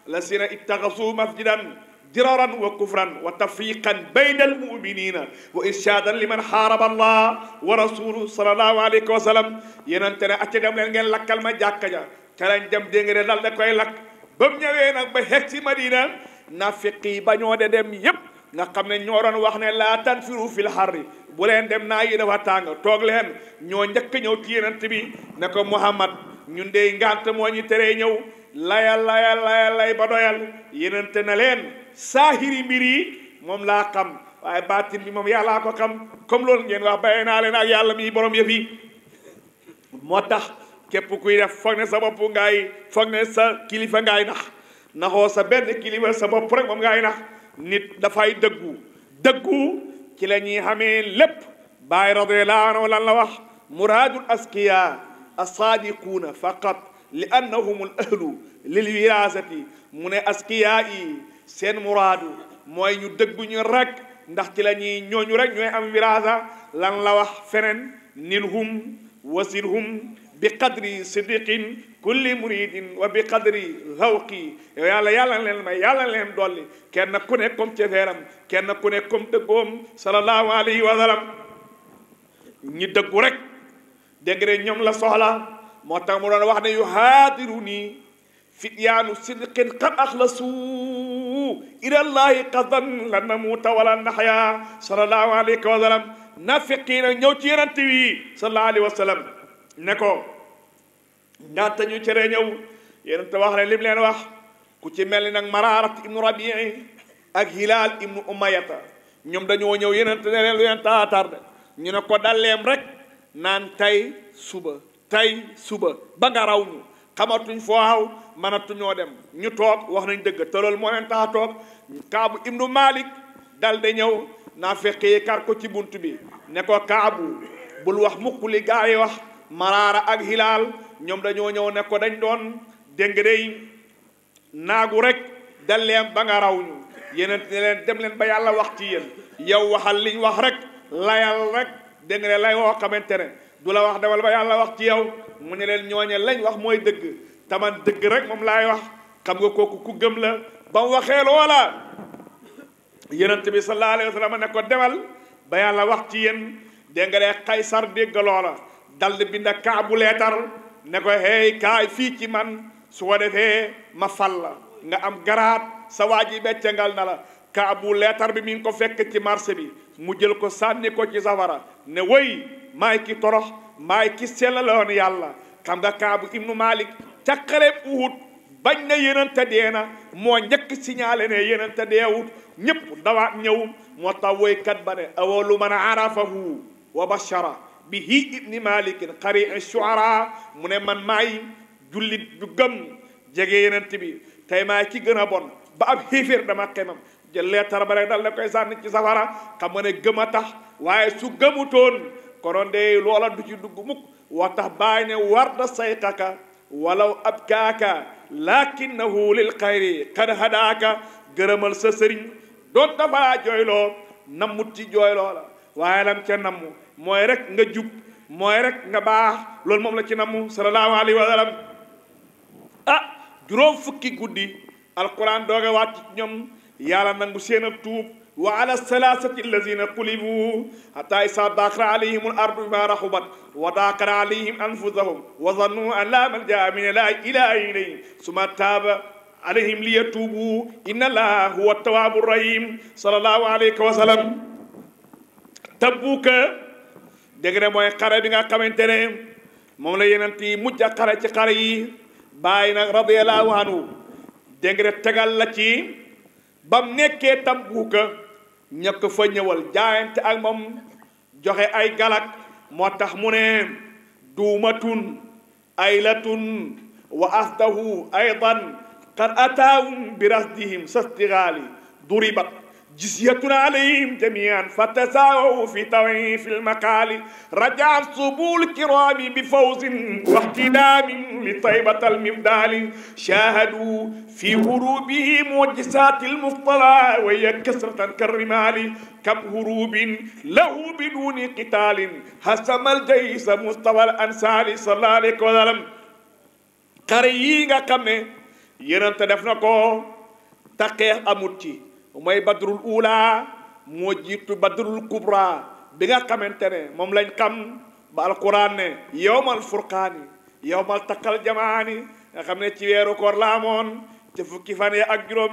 la si ittaghasu masjidan diraran wa kufran wa tafriqan bayna almuminina wa irshadan liman xaaraba allah wa rasulu salallahu alayhi wa sallam yenente ne acca dem leen ngeen lakkal ma jàkka ja ca lañ dem dégré dal da koy lakk ba mu ñëwee nag ba xeg ci madina nafiq yi ba ñoo de dem yépp nga xam ne ñoo doon wax ne laa tan tanfiru fil harri bu leen dem naa yi dafa tàng toog leen ñoo njëkk ñëw ci yenant bi ne ko muhammad ñun de ngant moo ñu teree ñëw layal layal layal lay ba doyal yenante na leen saahiri mbir yi moom laa xam waaye baatin bi moom yàllaa ko xam comme loolu ngeen wax bàyyi naa leen ak yàlla mi borom yëf moo tax képp kuy def foog ne sa bopp ngaay foog ne sa kilifa ngaay nax naxoo sa benn kilifa sa bopp rek moom ngaay nax nit dafay dëggu dëggu ci la ñuy xamee lépp bàyyi radiallahu anhu lan la wax muraadul askiya asadiquuna faqat li annahum al ahlu lil wirasati mu ne askiya yi seen muraadu mooy ñu dëggu ñu rek ndax ci la ñuy ñooñu rek ñooy am wirasa lan la wax feneen nilhum wasilhum بقدر صديق كل مريد وبقدر ذوقي يالا يالا لين ما يالا لين دولي كن كون كوم تي فيرم كن كون كوم تغوم صلى الله عليه وسلم ني دغ رك دغري نيوم لا سوحلا موتا مو دون واخ ني يهادروني فتيان صدق قد اخلصوا الى الله قضا لن نموت ولا نحيا صلى الله عليه وسلم نافقين نيو تي رنتي صلى الله عليه وسلم ne ko ñaata ñu cere ñëw yonent wax ne lim leen wax ku ci mel ni nag maraarat ibnu rabii ak hilaal ibnu umayata ñoom dañoo ñëw yonent ne leen lu leen taa tarde ñu ne ko dalleem rek naan tey suba tey suba ba nga raw ñu xamatuñ foo aw mënatuñoo dem ñu toog wax nañ dëgg te loolu moo leen tax a toog kaabu malik dal di ñëw naa fekkee kar ko ci bunt bi ne ko kaabu bul wax mukk li gaa wax maraara ak hilaal ñoom dañoo ñëw ne ko dañ doon dégg day naagu rek dal leem ba nga raw ñu yeneen leen dem leen ba yàlla wax ci yéen yow waxal liñ wax rek layal rek dégg lay woo xamante ne du la wax demal ba yàlla wax ci yow mu ne leen ñooñe lañ wax mooy dëgg taman dëgg rek moom laay wax xam nga kooku ku gëm la ba waxee loola yenent bi sallallahu alayhi wa sallam ne ko demal ba yàlla wax ci yéen dégg nga dee Qaysar dal daldi bind kaabu leetar ne ko hey kaay fii ci man su ko defee ma fal la nga am garaat sa waa ji beccangal na la kaabu leetar bi mi ko fekk ci marché bi mu jël ko sànni ko ci safara ne wëy maay ki torox maay ki sellaloon yàlla xam nga kaabu ibnu malik ca xare Uhud bañ na yenente deena na moo njëkk signalé ne yenente deewut ñépp dawaat ñëw moo tax kat ba ne awalu man arafahu wa bashara bihi ibni malikin xari shuara mu ne man maay jullit bu gëm jege yenent bi tey maay ki gën a bon ba ab xiifir dama xemam jël leetar ba rek dal la koy sànni ci safara xam nga ne gëm a tax waaye su gëmutoon konoon de loola du ci dugg mukk tax bàyyi ne war da sayqaka walaw ab kaaka lakinnahu lil xayri xad hadaaka gërëmal sa sëriñ doon dafa jooyloo nammut ci jooyloo la waaye lam ca namm mooy rek nga jub mooy rek nga baax loolu moom la ci namm sallallahu alayhi wa sallam ah juróom fukki guddi alquran dooga wàcc ci ñoom yàlla nangu seen a tuub wa ala salaasati allazina qulibu hatta isa daakara alayhim al ardu bima raxubat wa daakara alayhim anfusahum wa zannu an la malja min la ilaha ilayhi suma taaba alayhim liyatubu inna allaha huwa tawaabu rahim sallallahu alayhi wa sallam tabbuka degré mooy xare bi nga xamante ne moom la yenent yi mujj a xare ci xare yi bàyyi nag radiallahu anhu degré tegal la ci bam nekkee Tambuuka ñëkk fa ñëwal jaayante ak moom joxe ay galak moo tax mu ne duumatun aylatun wa asdahu aydan qad bi rasdihim sastigaali duribat جزية عليهم جميعا فتساووا في توعيف المقال رجع الصبول الكرام بفوز واحتدام لطيبة المبدال شاهدوا في هروبه معجزات المفطلة وهي كسرة كالرمال كم هروب له بدون قتال هسم الجيش مستوى الأنسال صلى الله عليه وسلم xare yii nga xam ne yonent mooy badrul uula moo jiitu badrul kubra bi nga xamante ne moom lañ xam ba alquran ne yowmal furqaani yowmal takkal jamaani nga xam ne ci weeru ci fukki fan ya ak juróom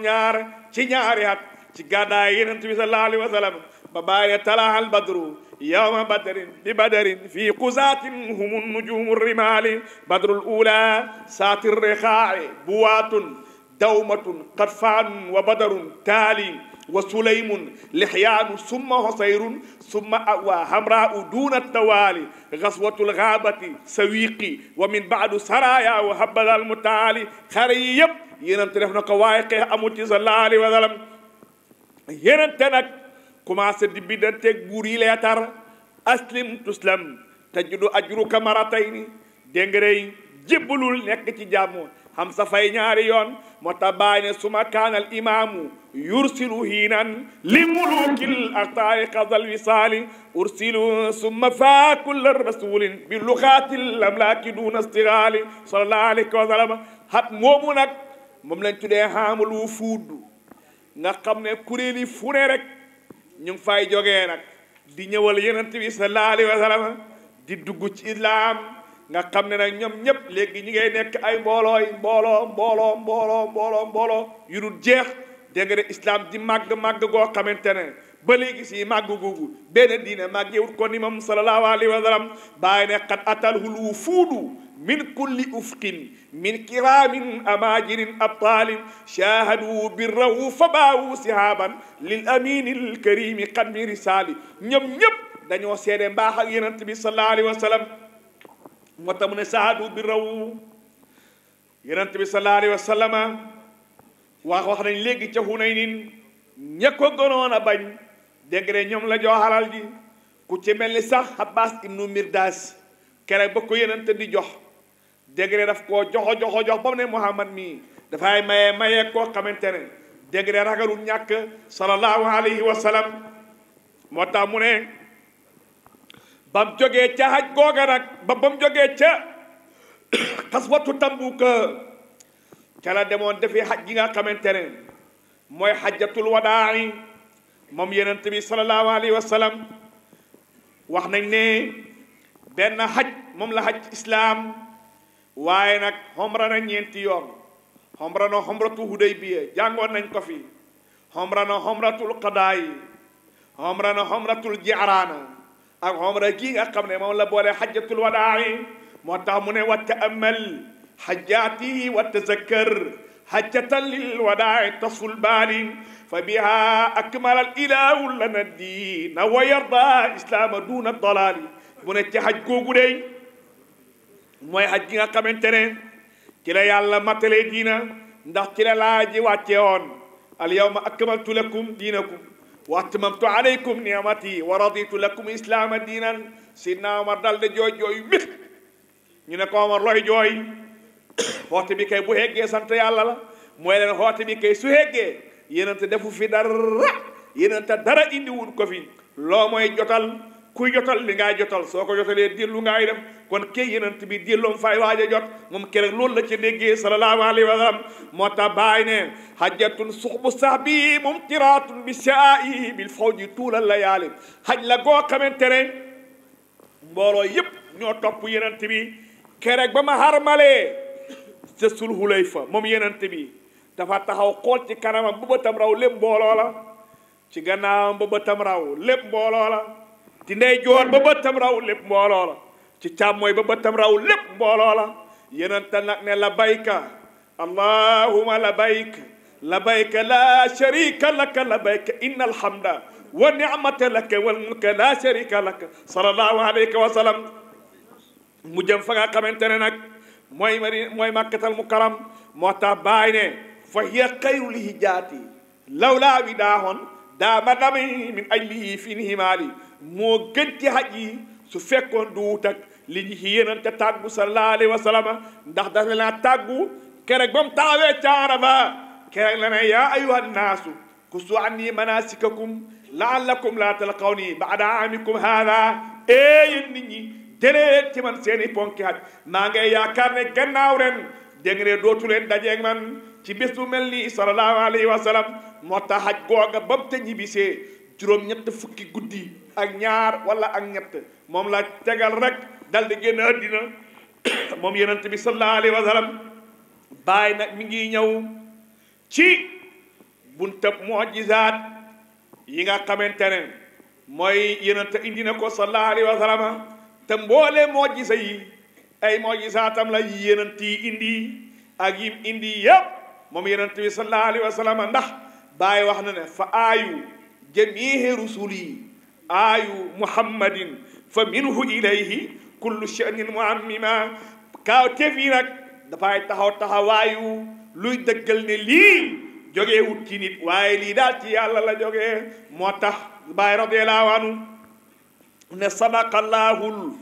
ci ñaari at ci gàddaay yonent bi sallallahu alayhi wa sallam ba bàyyi talaal badru yowma badarin bi badarin fi qusaatin humu nujumu rimaali badrul uula saati rixaa'i buwaatun دومة قطفان وبدر تالي وسليم لحيان ثم حصير ثم همراء دون التوالي غصوة الغابة سويقي ومن بعد سرايا وهبذا المتالي خريب ينم قوائقه أموتي صلى الله عليه وسلم ينم كما سد بدنتك بوري ليتر أسلم تسلم تجد أجرك مرتين دنگري جبلول نكتي تي جامو Hamza Faye ñaari yoon moo tax baay suma kaana al imaamu yursilu hiinan li mulukil artaari qadal wisaali ursilu summa faa kulla rasulin bi luxaati lamlaaki duuna stiraali sallallahu alayhi wa sallam xat moomu nag moom lañ tuddee xaamalu fuudd nga xam ne kuréeli fu rek ñu fay jógee nag di ñëwal yenent bi sallallahu alayhi wa sallam di dugg ci islaam nga xam ne nag ñoom ñëpp léegi ñi ngay nekk ay mboolooy mbooloo mbooloo mbooloo mbooloo mbooloo yu dul jeex dégg nga islam di màgg màgg goo xamante ne ba léegi si màgg googu benn diine màggewut ko ni moom sallallahu alayhi wa sallam bàyyi ne xat atalhul wufuudu min kulli ufqin min kiraamin amaajirin abtaalin shaahadu birrahu fa baawu sihaaban lil amini lkarimi xat mi risaali ñoom ñëpp dañoo seede mbaax ak yenant bi sallallahu alayhi wa moo tax mu ne saadu bi raw yonent bi sallallahu alayhi wa wax wax nañ léegi ca Hunaynin ña ko gënoon a bañ dégg ne ñoom la jox alal ji ku ci mel ni sax Abbas ibnu Mirdas kere ba ko yonent di jox dégg ne daf koo joxo joxo jox ba mu ne Muhammad mii dafay maye maye koo xamante ne dégg ne ñàkk sallallahu alayhi wa sallam moo tax mu ne ba mu ca haj googa nag ba ba mu ca xaswatu Tambuk ca la demoon defi haj gi nga xamante ne mooy hajjatul wadaa moom yonent bi wa sallam wax nañ ne benn haj moom la haj islaam waaye nag xomra ñeenti yoon xomra na xomratu Hudaybiya jàngoon nañ ko fi xomra na qadaayi xomra na xomratul jiraana ak omra gi nga xam ne moom la boole xajjatul wadaayi moo tax mu ne wa taamal xajjaati wa tazakkar حجة للوداع تصل البال فبها أكمل الإله لنا الدين ويرضى إسلام دون الضلال من التحج كوكولي موي حجينا كمنتنين كلا يالا ماتلي دينا ndax ci la laaji wàcce woon al yawma akmaltu lakum dinakum واتممت عليكم نعمتي ورضيت لكم اسلام دينا سيدنا عمر دال جوي جوي ميت ني نكو عمر روي جوي هوت بي كاي بو هيغي سانت يالا لا موي لن هوت بي كاي سو هيغي يننت دافو في دار يننت دار اندي وون كوفي لو موي جوتال كوي جوتال ليغا جوتال سوكو جوتالي ديلو غاي ديم kon ke yenant bi jëlloom fay waaja jot moom keroog loolu la ci déggee sallallahu alayhi wa moo tax baay ne hajjatun suxbu sax bi moom tiraatun bi saa'i bil fawji tuulal la yaali xaj la goo xamante ne mbooloo yépp ñoo topp yenant bi keroog ba ma harmalee ca sul hulayfa moom yenant bi dafa taxaw xool ci kanamam ba bëtam raw lépp mbooloo la ci gannaawam ba bëtam raw lépp mbooloo la ci ndey joor ba raw lépp mbooloo ci càmmooy ba bëtam raw lépp mbooloo la yenente nag ne labayka allahuma labayk labayka la sharika laka labayka inna alhamda wa nicmata laka wal mulka la sharika laka salallahu alayka wa sallam mu jëm fa nga xamante ne nag mooy mari mukaram moo tax baay ne fa hiya xayru lihijaati lawlaa widaahon daama dami min ajlihi fi nihimaali moo gën ci haj yi su fekkoon du wut li ñu ci yéeneen te tàggu sallallahu alayhi ndax dafa laa tàggu keroog ba mu taawee ca Arafa keroog la ne yaa ayyuhan naasu xusu anni manasikakum laallakum laa talqawni baada aamikum haada ee yéen nit ñi ci man seeni ponki at maa ngay yaakaar ne gannaaw ren dégg nga ne dootu leen dajeeg man ci bés bu mel nii sallallahu alayhi wa sallam moo tax haj googa ba te ñibisee juróom-ñett fukki guddi. ak ñaar wala ak ñett moom la tegal rek dal di génn àddina moom yonent bi sallallahu alayhi wa sallam bàyyi nag mi ngi ñëw ci buntab mujizaat yi nga xamante ne mooy yonent indi na ko sallallahu alayhi wa sallam te mboolee mujisa yi ay mujisaatam la yi yonent yi indi ak yim indi yëpp moom yonent bi sallallahu alayhi wa sallam ndax baay wax na ne fa aayu jamiihi yi آي محمد فمنه إليه كل شأن معمما كاوتيف yi nag dafay taxaw taxawaayu luy dëggal ne lii jógee wut ci nit waaye lii daal ci yàlla la jógee moo tax Baay radiyallaahu anhu ne sadaqallaahul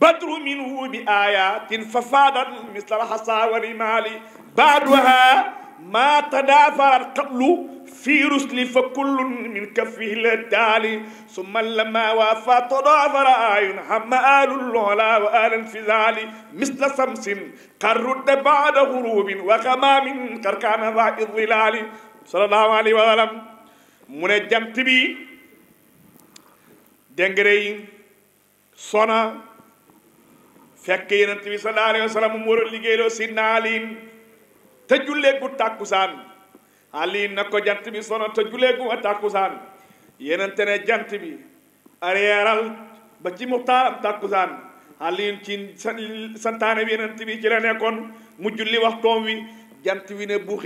badru minhu bi aayatin fafadan misal xasa wa rimaali baaduha ما تدافر قبل في رسل فكل من كفه للتالي ثم لما وافى تدافر عين هم آل العلا وآل انفذال مثل سمس قرد بعد غروب من كركان ذا الظلال صلى الله عليه وسلم من الجمت بي دنگري صنع فكينا النبي صلى الله عليه وسلم مور اللي سيدنا علي te julleegu tàkkusaan ali na ko jant bi sono te julleegu wa tàkkusaan yenente ne jant bi areeral ba ci muxtaaram tàkkusaan ali ci santaane bi yenent bi ci la nekkoon mu julli waxtoom wi jant wi ne bu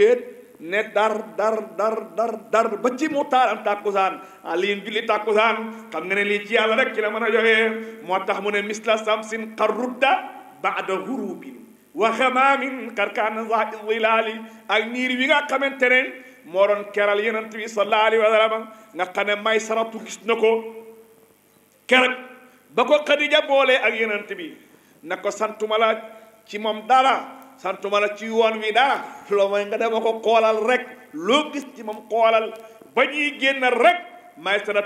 ne dar dar dar dar dar ba ci muxtaaram tàkkusaan aliin julli tàkkusaan xam nga ne lii ci yàlla rek ci la mën a joxee moo tax mu ne misla samsin xarrudda baada hurubin وخمام كركان الظلال اي نير ويغا خمنتنين مورون كرال يننت صلى الله عليه وسلم نقن ماي سرطو غيس نكو كرك بكو خديجه بولي اك يننت بي نكو سانتومالا ci mom dara santuma la ci yoon wi dara lo moy nga dama ko xoolal rek loo gis ci moom xoolal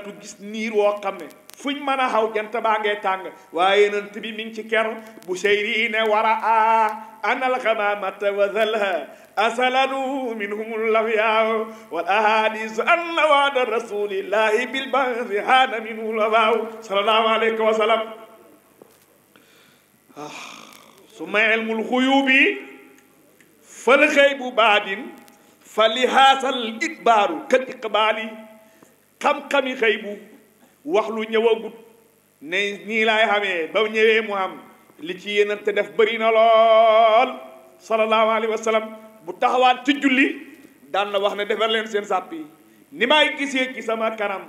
tu gis niir woo xam ne fuñ mën a xaw jant baa ngee tàng waaye yonent bi mi ngi ci ker bu seyri ne wara a anal xamaamata wa zalha asalanu minhum lafyaaw wal ahadis anna waada rasulillahi bil bahri haana minhu lafaaw salallahu aleyka wa salam summa ilmul xuyubi fal xëy bu baadin fa lihaasal idbaaru kal iqbaali xam-xami xëy bu wax lu ñëwagut ne nii laay xamee ba ñëwee mu am li ci yéenante def bëri na lool sallallahu alayhi wa sallam bu taxawaat ci julli daan na wax ne defar leen seen sàpp yi ni maay gisee ci sama kanam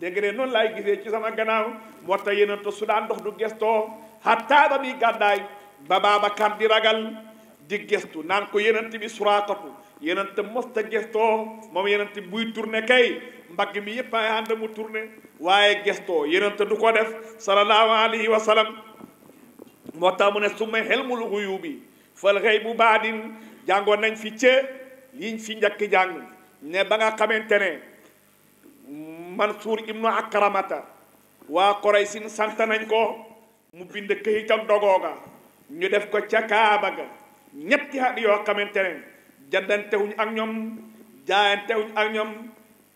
dégg ne noonu laay gisee ci sama gannaaw moo tax yéenante su daan ndox du gestoo xattaa ba muy gàddaay ba baaba kan di ragal di gestu naan ko yéenante bi suraakatu yenente mos ta gestoo moom yenente buy tourné kay mbagg mi yëpp ay ànd mu tourné waaye gestoo yenente du ko def sallallahu alayhi wa sallam moo tax mu ne summa xelmul xuyubi fal xëy bu baadin jàngoon nañ fi cë yiñ fi njëkk jàng ne ba nga xamante ne Mansuur ibnu Akramata waa Koreysin sant nañ ko mu bind këyitam dogooga ñu def ko ca Kaaba ga ñetti at yoo xamante ne jaddantewuñ ak ñoom jaayantewuñ ak ñoom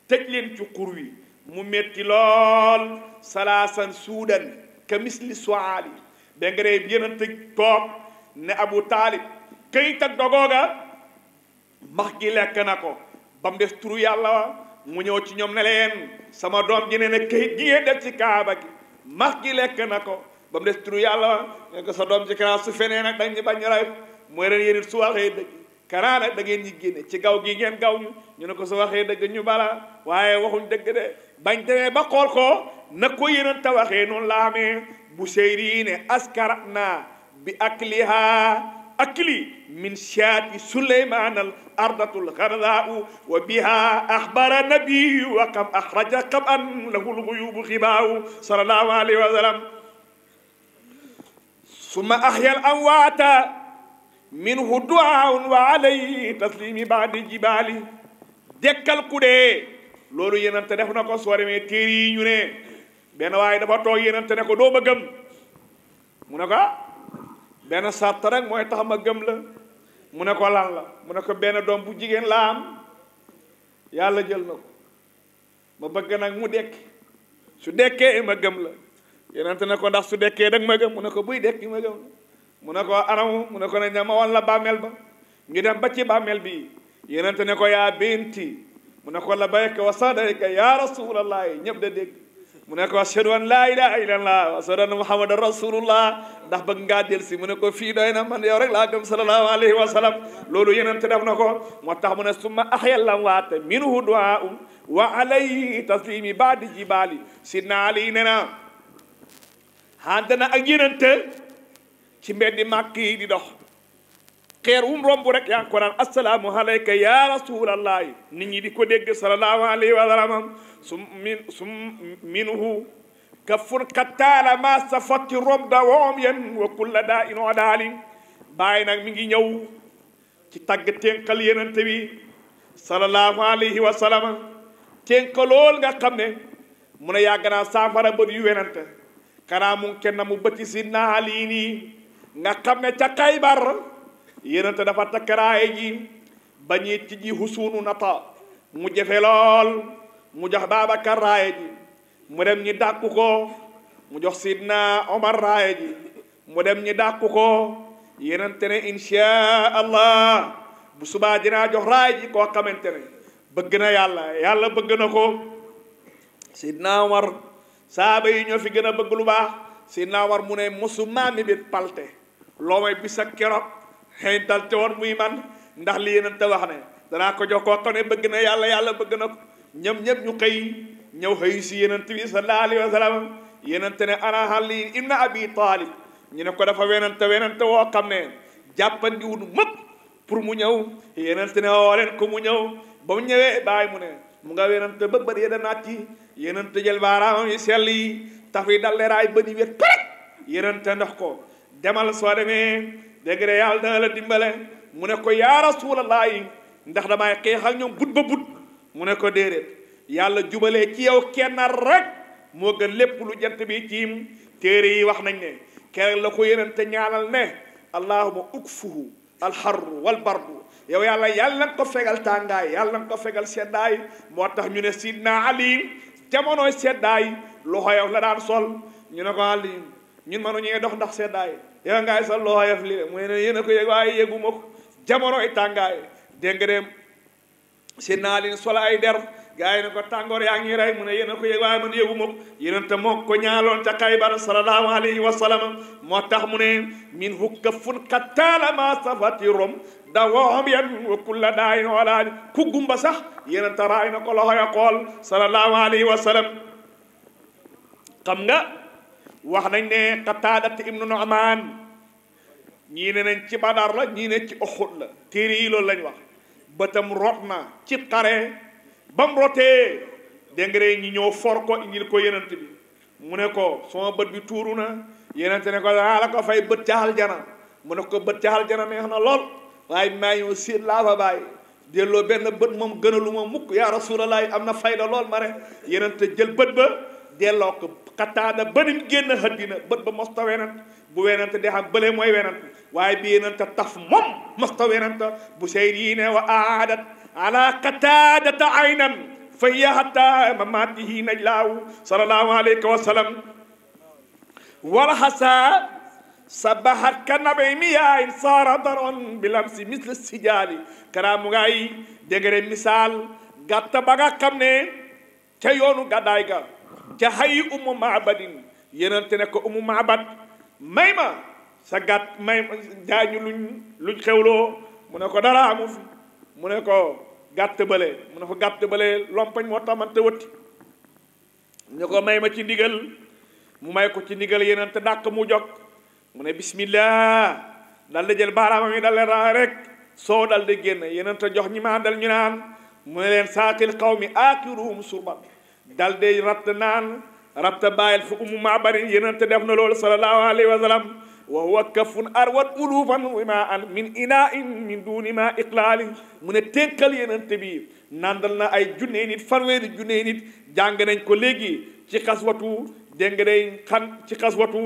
tëj leen ci xur wi mu metti lool salaasan suudan ka misli soali da nga ree yénante toog ne abu taalib këyit ak dogooga max gi lekk na ko ba mu des turu yàlla mu ñëw ci ñoom ne leen sama doom ji ne ne këyit gi ngeen ci kaaba gi max gi lekk na ko ba mu des turu yàlla ne ko sa doom ci su fenee nag dañ ñu mooy ren yénit waxee dëgg karaa da ngeen ñi génne ci gaw gi ngeen gaw ñu ñu ne ko su waxee dëgg ñu bala waaye waxuñ dëgg de bañ demee ba xool ko na ko yéneen ta waxee noonu la amee bu seyri ne askarat naa bi akliha أكلي من شاة سليمان الأرض الغرداء وبها أخبر نبي kam أخرج قبأ له الغيوب خباء sallallahu alayhi wa sallam ثم أحيا الأموات minhu du'aun wa alayhi taslimi baadi jibaali dekkal ku dee loolu yenante def na ko soo demee téere yi ñu ne benn waaye dafa toog yenante ne ko doo ma gëm mu ne ko ah, benn sàrt mooy tax ma gëm la mu ne ko lan la mu ne ko benn doom bu jigéen laa am yàlla jël na ko ma bëgg nag mu dekki su dekkee ma gëm la yenante ne ko ndax su dekkee dag ma gëm mu ne ko buy dekki ma gëm mu ne ko anamu mu ne ko ne ñama wan la bàmmeel ba ñu dem ba ci bàmmeel bi yonente ne ko yaa binti mu ne ko labayka wa sadayka ya rasulallahi ñëpp da dégg mu ne ko ashhadu an laa ilaha illallah wa ashhadu anna muhammadan rasulullah ndax bëgg ngaa del si mu ne ko fii doy na man yow rek laa gëm sallallahu alayhi wa sallam loolu yonente def na ko moo tax mu ne summa ahyal amwaata minhu du'aa'un wa alayhi taslimi baadi jibaali sidna ali nee na xante na ak yonente ci mbeddi màkk yi di dox xeer wum romb rek yaa ngi assalaamu alayka ya rasulallahi nit ñi di ko dégg sallallahu alayhi wa sallam sum min sum minhu kafun kattaala ma safatti romda woom yen wa kulla daa in odaali bàyyi nag mi ngi ñëw ci tagg ténkal yenante bi sallallahu alayhi wa sallam ténkalool nga xam ne mun a yàgg naa saafara bët yu wenante xanaa mu kenn mu bëti si nga xam ne ca Xaybar yénente dafa takkaraay ji ba ñuy ci ji husuunu nata mu jafe lool mu jox Babacar raaye ji mu dem ñi dàkku ko mu jox Sidna Omar raaye ji mu dem ñi dàkku ko yénente ne insha allah bu subaa dinaa jox raaye ji koo xamante ne bëgg na yàlla yàlla bëgg na ko Sidna Omar saaba yi ñoo fi gën a bëgg lu baax Sidna Omar mu ne mosu maami bi palte loo way bis ak keroog xëy dal te woon muy man ndax li yéenante wax ne danaa ko jox ko xam ne bëgg na yàlla yàlla bëgg na ko ñëm ñëpp ñu xëy ñëw xëy si yéenante bi sallallahu alayhi wa sallam yéenante ne ana Ali ibn Abi Talib ñu ne ko dafa wenante wenante woo xam ne jàppandi wun mëpp pour mu ñëw yéenante ne woo leen ko mu ñëw ba mu ñëwee bàyyi mu ne mu nga wenante ba bët a naat yi yéenante jël baaraamam yi sell yi taf dal leeraay bët yi wet parek ndox ko demal soo demee dégg yàlla dana la dimbale mu ne ko yaa rasulallah yi ndax damay xeex ak ñoom but ba but mu ne ko déedéet yàlla jubalee ci yow kenn rek moo gën lépp lu jant bi tiim téere yi wax nañ ne keneen la ko yeneen te ñaanal ne allahuma ukfuhu alxarru walbardu yow yàlla yàlla nga ko fegal tàngaay yàlla nga ko fegal seddaay moo tax ñu ne sidna ali jamonoy seddaay loxo yow la daan sol ñu ne ko ali ñun mënuñee dox ndax seddaay yow ngaay sa loo yaf li mu ne yéen ko yëg waaye yëgu ma ko jamono tàngaay dégg nga dem si ay der gaa yi ko tàngoor yaa ngi rey mu ne ko yëg waaye man yëgu ma ko yonente moo ko ñaaloon ca Xaybar sallallahu alayhi wa sallam moo tax mu ne min hukka fun kattaala ma safati rom dawoom yan wa kulla daayin walaani ku gumba sax yonente raay na ko loxo ya xool sallallahu alayhi wa sallam xam nga wax nañ ne qataadat ibnu nu'man ñii ne nañ ci badar la ñii ne ci uxud la téere yi loolu lañ wax bëtam rot na ci xare ba mu rotee dengre ñi ñëw for ko indil ko yenant bi mu ne ko sama bët bi tuuru na yenante ne ko aa la ko fay bët ca aljana mu ne ko bët ca aljana neex na lool waaye maa ñëw siit laa fa bàyyi delloo benn bët moom gënalu ma mukk yaa rasulallah am na fayda lool ma re yenante jël bët ba delloo ko xattaana banim génn xaddina bët ba mosta wenant bu wenante de xam bële mooy wenant waaye bi yenanta taf moom mosta wenanta bu seyr wa aadat ala qataadata aynan fa hiya hatta mamatihi najlaahu sallallahu alayhi wa sallam walhasa sabahat kanabe miya in sara daron bilamsi misle sijaali karaamu ngay dégre misaal gàtta ba nga xam ne ca yoonu gàddaay ga ca xay umu maabadin yenente ne ko umu maabad may ma sa gàtt may jaañu luñ luñ xewloo mu ne ko dara amu mu ne ko gàtt bële mu ne ko gàtt bële lompañ moo tamante wëtti ñu ko may ma ci ndigal mu may ko ci ndigal te dàq mu jog mu ne bismillah dal di jël baaraamam yi dal di raa rek soo dal di génn yenente jox ñi ma ñu naan mu ne leen saaqil qawmi mu surbat dal di rat nan rat bayil fu ummu maabarin yenante def na loolu sallallahu alayhi wa sallam wa huwa kafun arwat ulufan wima an min ina'in min dun ma iqlal mun tekkal yenante bi nandal na ay junne nit fanweeri junne nit jàng nañ ko legi ci khaswatu deng nga xan ci khaswatu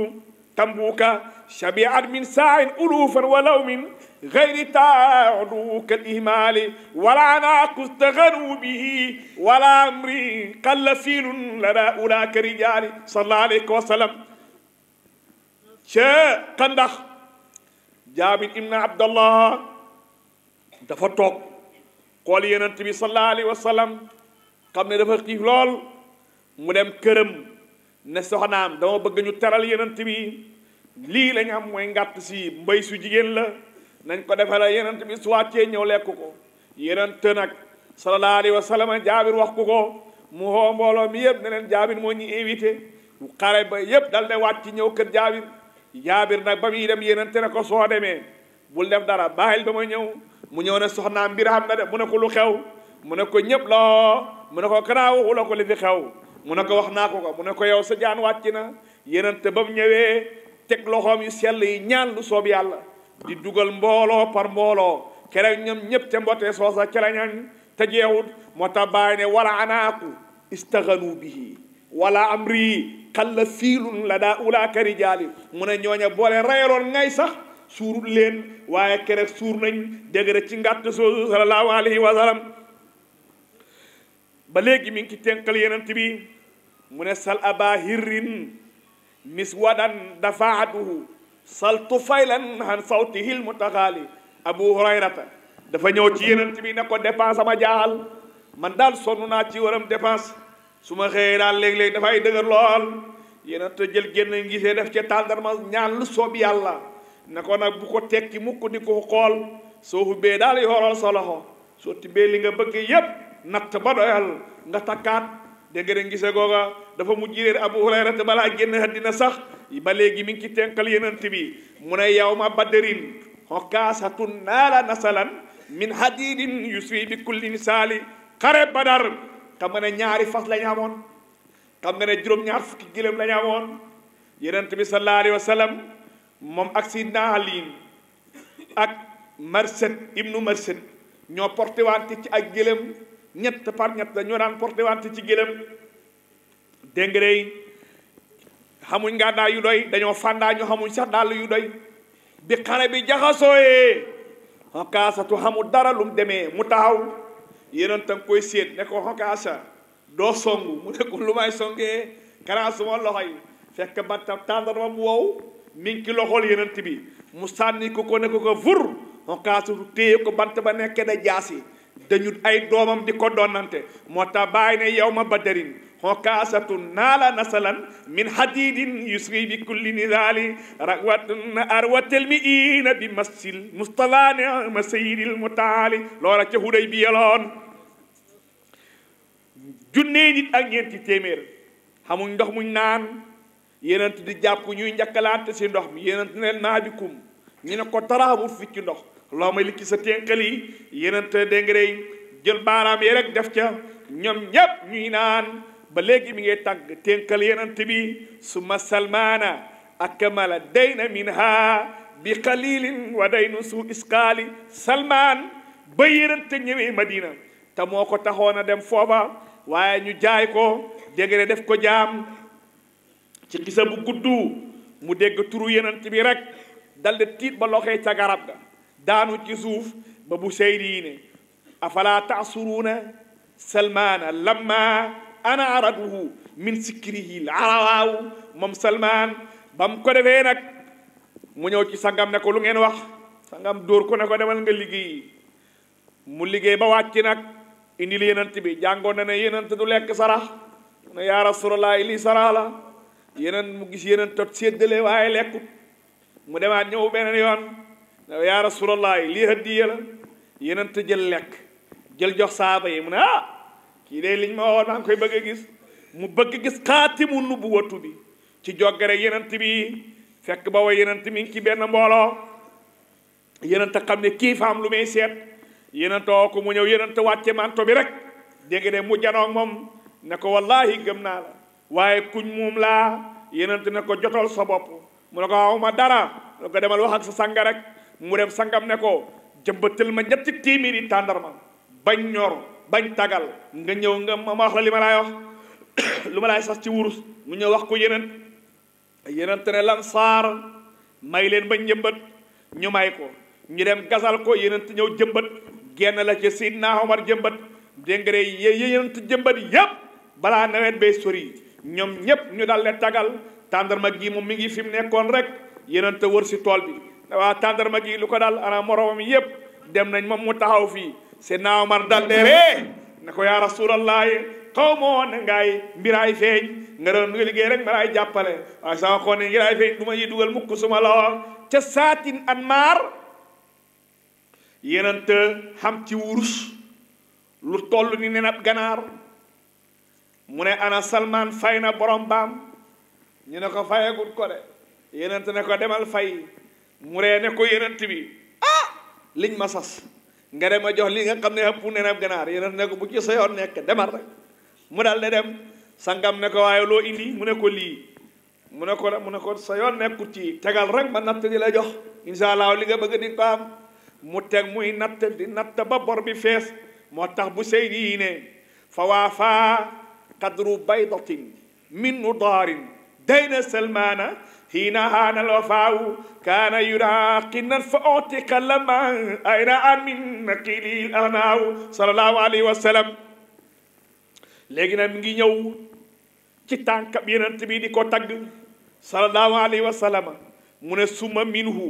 تنبوك شبيعا من ساع ألوفا ولوم غير تعلوك الإهمال ولا عناق استغنوا به ولا أمر قل سيل لنا أولاك رجال صلى الله عليه وسلم شاء قندخ جابر ابن عبد الله دفتوك قول ينتبي صلى الله عليه وسلم قبل دفتيه لول مدام كرم ne soxnaam dama bëgg ñu teral yenant bi lii lañ am mooy ngàtt si mbay su jigéen la nañ ko defee la yenant bi su wàccee ñëw lekk ko yenant nag sallallahu alayhi wa sallam jaabir wax ku ko mu woo mbooloo mi yëpp ne leen jaabir moo ñu invité xare ba yëpp dal de wàcc ñëw kër jaabir jaabir nag ba muy dem yenante ne ko soo demee bul def dara bàyyil ba ma ñëw mu ñëw ne soxnaam mbir xam na de mu ne ko lu xew mu ne ko ñëpp loo mun ne ko kanaa waxu ko li fi xew mu ne ko wax naa ko ko mu ne ko yow sa jaan wàcc na yenente ba mu ñëwee teg loxoom yu sell yi ñaan lu soob yàlla di dugal mbooloo par mbooloo keroog ñoom ñëpp ca mbotee soosa ca la ñañ te jeexut moo tax bàyyi ne wala anaaku istaxanu bihi wala amri xalla fiilun la daa ulaaka rijaali mu ne ñooña boole rayaloon ngay sax suurut leen waaye keroog suur nañ dégg ci ngàtt soosu sallallahu alayhi wa ba léegi mi ngi ci tënkal yenent bi mu ne sal aba hirrin miswadan dafaaduhu sal tufaylan han sawtihil mutaxaali abu hurayrata dafa ñëw ci yenent bi ne ko dépense ama jaaxal man daal sonn naa ci waram dépense su ma xëyee daal léeg-léeg dafay dëgër lool te jël génn ngisee def ci tàndarma ñaan lu soob yàlla ne ko nag bu ko tekki mukk di ko xool soo xubbee daal yoral sa soo tibbee li nga bëgg yépp natt ba doyal nga takkaat dégg nga googa dafa mujj réer abu hurayrata balaa génn àddina sax ba léegi mi ngi ci tenkal yenant bi mu ne yow ma badrin xokaasatun naala nasalan min hadidin yusri bi kulli nisaali xare badar xam nga ñaari fas lañu amoon xam nga ne juróom-ñaar fukki gëlëm lañu amoon yenent bi sallallahu alayhi moom ak sidna aliin ak marsad ibnu marsad ñoo porté wante ci ak gëlëm ñett par ñett dañoo daan porté wante ci gëlëm dégg xamuñ nga daa yu doy dañoo fàndaa ñu xamuñ sax daal yu doy bi xare bi jaxasooyee xonkaasatu xamul dara lum mu demee mu taxaw yéen tam koy séet ne ko xonkaasa doo songu mu ne ko lu may songee xanaa suma loxo yi fekk ba tàndarma bu wow mi ngi ci bi mu sànni ko ko ne ko ko vur xonkaasatu ko bant ba nekk da jaasi dañu ay doomam di ko donnante moo tax bàyyi ne yow ma badarin xokaasatun naala nasalan min hadidin yusri bi kulli nidaali rawatun arwatel mi bi masjil mustalaane ma sayidil mutaali loola ca huday bi yaloon junnee nit ak ñeenti téeméer xamuñ ndox mu naan yenent di jàpp ñuy njakkalante si ndox mi yenent ne naa bikum ñu ko taraamut fi ci ndox lo may liki sa tenkal yi yenente déngrey jël baram yi rek def ca ñom ñep ñuy naan ba legi mi ngi tàgg ténkal yenente bi suma salmana akmala dayna minha bi qalilin wa daynu su Salman, salman ba yenente ñëwee madina te moo ko dem foba waye ñu jaay ko dégré def ko jam, ci gisa bu guddu mu dégg turu yenente bi rek dal de tit ba ca garab ga daanu ci suuf ba bu seyri ne afala taasuruuna salmaana lamma ana araduhu min sikkirihi arawaaw moom salmaan ba mu ko defee nag mu ñëw ci sangam ne ko lu ngeen wax sangam dóor ko ne ko demal nga liggéey mu liggéey ba wàcc nag indil yenant bi jàngoon na ne yenant du lekk sarax ne yaa rasulallah lii sarax la yeneen mu waaye lekkut mu demaat ñëw beneen yoon yaa rasulallaahi lii hadiya la yenent jël lekk jël jox saaba yi mu ne ah kii de liñ ma waxoon maa koy bëgg a gis mu bëgg gis xaatimu nubuwatu bi ci joggare yenent bi fekk ba way yenent mi ngi ci benn mbooloo yenent xam ne kii faam lu may seet yenent woo ko mu ñëw yenent wàcce manto bi rek dégg de mu janoog moom ne ko wallaahi gëm naa la waaye kuñ moom laa yenent ne ko jotol sa bopp mu ne ko xawma dara ne ko demal wax sa sanga rek mu dem sangam ne ko jëmbatal ma ñetti téeméeri tàndarma bañ ñor bañ tagal nga ñëw nga ma wax la li wax lu ma laay sas ci wurus mu ñëw wax ko yeneen yeneen te ne lan saar may leen ba njëmbat ñu may ko ñu dem gasal ko yeneen te ñëw jëmbat genn la ci Seydina Omar jëmbat dégg nga de yeneen te jëmbat yépp balaa nawet bay sori ñoom ñépp ñu dal leen tagal tàndarma gi moom mi ngi fi mu nekkoon rek yeneen te wër si tool bi waa tàndarma gi lu ko daal ana moromam yëpp dem nañ moom mu taxaw fii Seydina Omar dal de ree ne ko yaa rasulallahi xaw ma ne ngaay mbiraay feeñ nga doon nga liggéey rek mbiraay jàppale waaye sama xoo ne mbiraay feeñ du ma yi dugal mukk suma loxo ca saatin an maar yenante ci wurus lu toll ni nen ganaar mu ne ana salman fay na borom baam ñu ne ko fayagut ko de yenante ne ko demal fay mu ree ne ko yenent bi ah liñ ma sas nga dem a jox li nga xam ne ëpp ne na ganaar yenent ne ko bu ci sa yoon nekk demal rek mu daal de dem sangam ne ko waaye loo indi mu ne lii mu ne ko mu ne sa yoon nekkut ci tegal rek ma natt di la jox incha allah li nga bëgg di ko am mu teg muy natt di ba bor mi fees moo tax bu sey di ne fa waa faa qadru baydatin min nudaarin dayna salmaana حين هان الوفاء كان يراقنا فأعتق لما أين عن من نقيل الأناو صلى الله عليه وسلم léegi nag mi ngi ñëw ci tànkab yenent bi di ko tagg sallallahu alayhi wa sallam mu ne suma minhu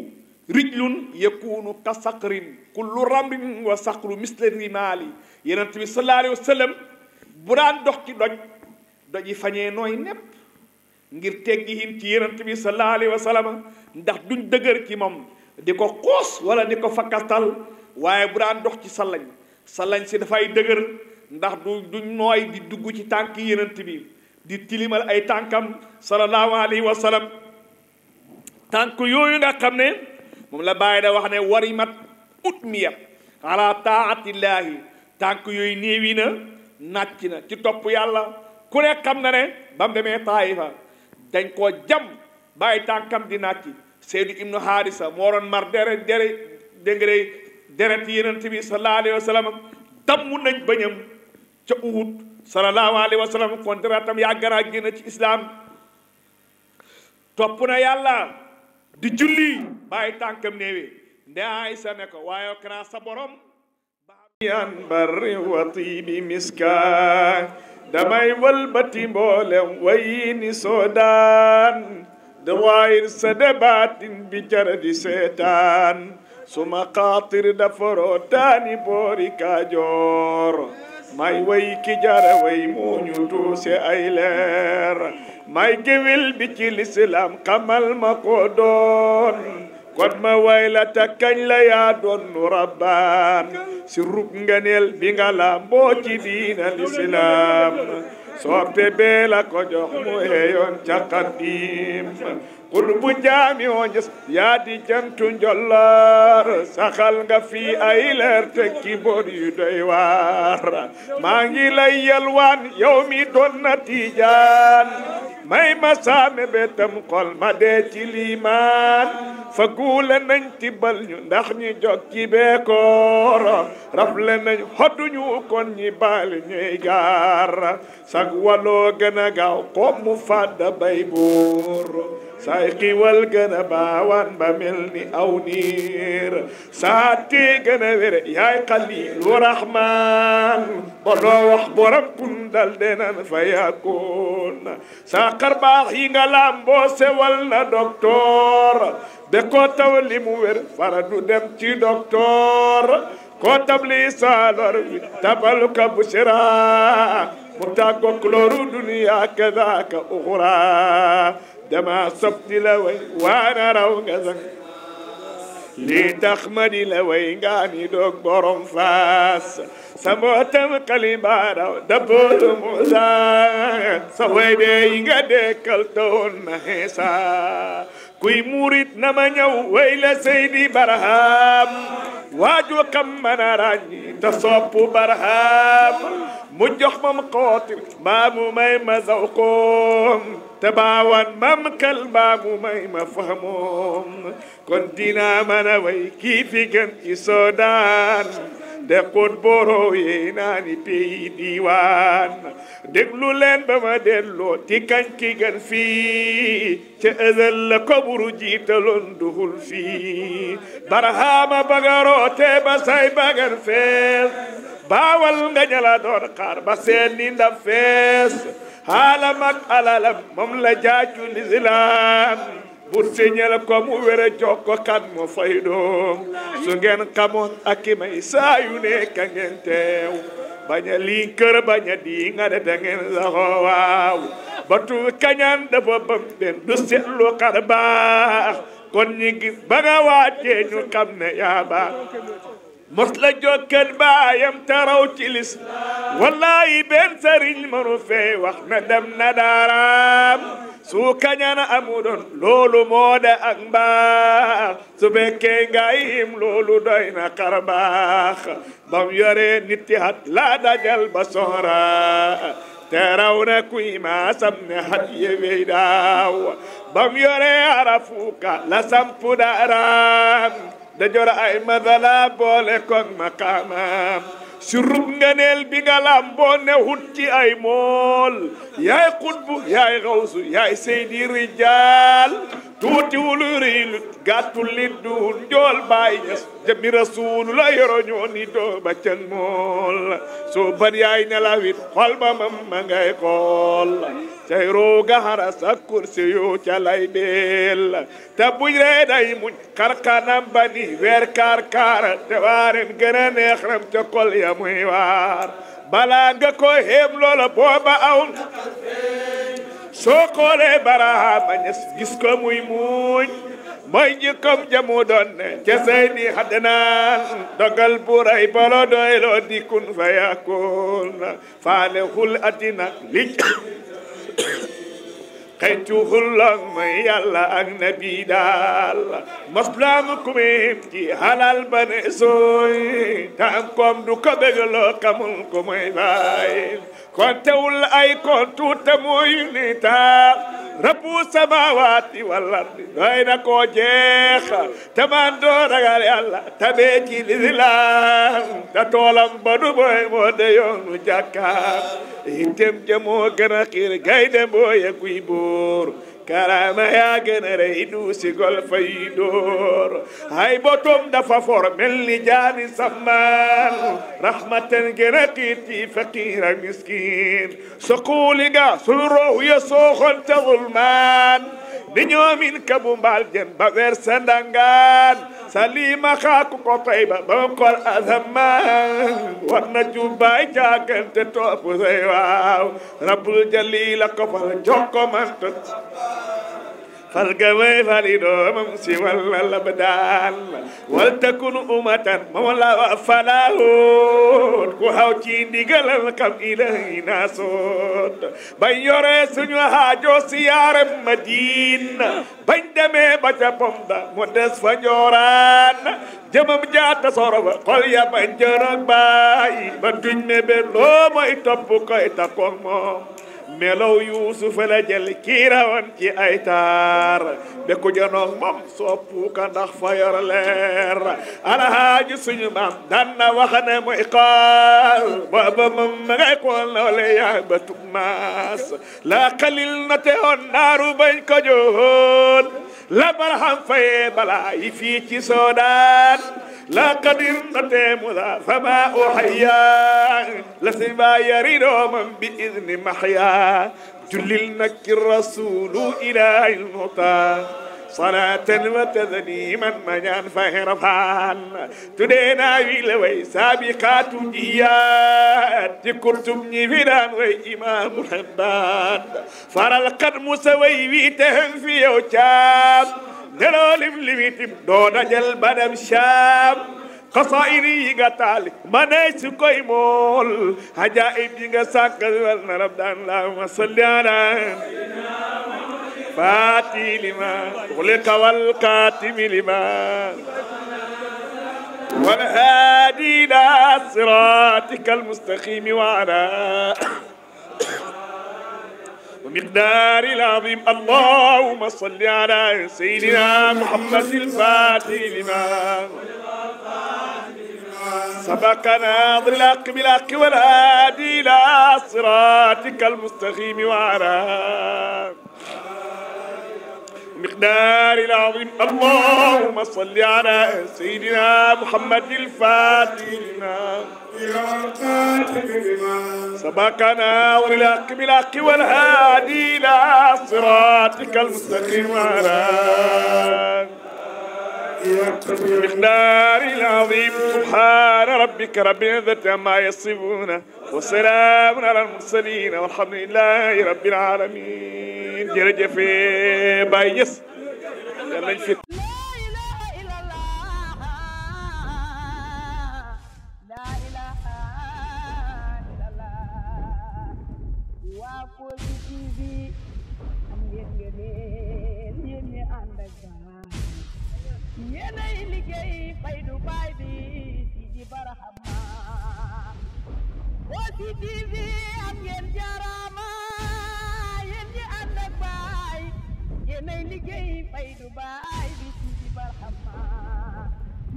rijlun yakunu ka saqrin kullu ramrin wa saqru misle rimaali yenent bi sallallahu alayhi wa sallam dox ci doj doj yi fañee nooy nepp ngir teggi hin ci yonent bi salaa alayhi wa ndax duñ dëgër ci moom di ko xuus wala di ko fakkastal waaye bu daan dox ci sallañ sallañ si dafay dëgër ndax du duñ nooy di dugg ci tànk yonent bi di tilimal ay tànkam sallallahu alayhi wa sallam tànk yooyu nga xam ne moom la bàyyi da wax ne warimat utmiya ala taatillaahi tànk yooyu néewi na nàcc na ci topp yàlla ku ne xam na ne ba mu demee taayifa dañ koo jam bàyyi tànkam di naaj ci Seydou ibnu Haarisa moo doon mar dere dere dégré deret yonent bi sallallahu alayhi wa sallam damm nañ bëñam ca Uhud sallallahu alayhi wa sallam kon deretam yàgg naa génn ci islaam topp na yàlla di julli bàyyi tànkam néewee nde Aysa ne ko waaye kanaa sa borom yan barri wa damay walbati mboolem wayini soodaan dawaayir sa debaatin bi jara di seetaan suma xaatir dafa rootaani boori kaajoor may way ki jara way muuñu tuuse may géwél bi ci lislaam xamal ma ko kon ma waylata kañ la yaa doon rabbaan si rub nganeel bi nga la mboo ci diina lislaam soppe bee ko jox mu heeyoon ca qadiim qul bu jaami o yaa di jantu njolloor saxal nga fi ay leer te kiboor yu doy waar maa ngi lay yalwaan yow mi doon tiijaan may ma saame betam xol ma dee ci liimaan fa guule nañ tibbal ñu ndax ñi jog ci beekoora rafle nañ xodduñu kon ñi baali ñuy gaara sag waloo gën a gaaw mu fàdda bay buur سايقي والقنبا باوان بملني أو نير ساتي قنبير يا قليل ورحمن بروح برم كندل دينان فيكون ساقر باخي غلام بوسي والنا دكتور بكو تولي موير فردو تي دكتور ko tabli salor tabal ka bushra mutta ko kloru duniya dama sabti la way waana raw nga lii tax ma di la way nga ni borom faas sa mbootam xalibaa raw daboolu muusa sa way dee yi dekkal toon na kuy murit na ma ñëw way la seydi baraham waaju xam man a ràññi te soppu baraham mu jox mam xootir mbaa mu may ma zawkoom tabawan mam kalbaamu may ma fahamoom kon dinaa mën a way kii fi gën soodaan de kon boroo yee naa ni pays diiwaan leen ba ma delloo ti kañ ki fii ca ëzël la koburu jiitaloon duhul fii barahaama bagaroo te ba say bagar fees baawal nga ñala doon xaar ba seen ni fees xaala mag alalam moom la jaaju lislaam bur tiñal ko mu wéra jox kan mo fay doom su ngeen xamoon ak i may saa yu ngeen teew bañ a kër bañ a nga de da ngeen saxoo waaw batu kañaan dafa bam den du seetlu xar baax kon ñi gis ba nga waatee ñu xam ne yaa moxla kër baayam te raw ci lis wallaay benn sëriñ mënu fee wax na dem na daaraam su kañana amu doon loolu moo de ak mbaax su fekkee ngay im loolu doy na xar baax bam yoree nitti hat laa dajal ba sonra te raw na kuy maasam ne hat yewey daaw bam yoree arafuka la sampu daaraam da jor ay madala boole koog maqaamaam surub nganeel bi nga laam boo ne hut ci ay mool yaay xutbu yaay xawsu yaay seydi rijaal tuutiwul rëyul gàttul li duun jool baay ñes jëmmi rasuulu la yoroñoo ni doo ba can mool soo ban yaay nelawit xol ba mam ngay xool cay rooga xara sa kursi yu ca lay deel te buñ ree day muñ xarkanam ba ni weer kaar kaara te waareen gën neex ram ca ya muy waar balaa nga ko xeem loola booba awn soo koolee baraama ñes gis ko muy muuñ mooy jikkoom jamu doon ne ca dogal bu ray bolo loo dikkun fa yaakoon faale xul atina lij xeetu xullang may yàlla ak nabi daal maslam ku may ci halal ba ne sooy ta am koom du ko bégaloo xamul ko may baay kontewul ay kontu te mooy ne taal رب السماوات والارض دوينا كو جيخ تمان دو رغال يالا تبيجي لزلام تطولم بدو بوي مود يوم جاكا انتم جمو غنا خير غايد بوي كوي بور karaama yaa gën a rey duusi gol fay dóor ay botom dafa for mel ni jaani sammaan rahmatan gën faqiir ak miskiin sukuuli ga sunu roox ya sooxoon ca zulmaan ni ñoomin kabu mbaal jën ba weer salima xaaku ko tay ba ba mu kor asamaan war na jubbaay jaagante topp say waaw rabbul jalila ko fal jokko man فالقوي فالدوم سوى الابدان ولتكن أمة مولا فلاهون كوهاو تيندي قلل كم إلهنا صوت بان يوري سنو هاجو سيار مدين بان دمي بجا بمدا مدس فنجوران jëmam jaata soro ba xol ya bañ jërëg bàyyi ba duñ ne be loo may topp koy takkoog moom melaw yuusuf la jël kiirawan ci ay taar be ku janoog moom soppu ka ndax fa yor leer alhaaji suñu maam daan na wax ne muy qaal booba moom ma ngay xool na wala yaa ba tukmaas laa xalil na te on naaru bañ ko joon la baraham faye balaa yi fii ci soodaan لا قدر نتيم ذا فما أحيا لسما يريد من بإذن محيا جلل نك الرسول إلى المطا صلاة وتذنيما مجان فهرفان تدينا لوي سابقات تكرتم كنتم وي إمام الحبان فرى القدم سوي بيتهم في يوشام لم لميتم دون جلبنا بشام قصائري قتالي ما نيس كوي مول حجا إبنك ساكر ونرب دان لا مسليانا فاتي لما تغلق والقاتم لما والهادينا صراطك المستقيم وعنا ومقدار العظيم اللهم صل على سيدنا محمد الفاتي لما سبق ناظر الحق بالحق والهادي الى صراطك المستقيم وعلى مقدار العظيم اللهم صل على سيدنا محمد الفاتح سبقنا وللحق بالحق والهادي الى صراطك المستقيم وعلى بمقدار العظيم سبحان ربك رب العزة عما يصفون وسلام على المرسلين والحمد لله رب العالمين جرج في بايس لا إله إلا الله yéenay liggéey fay du baay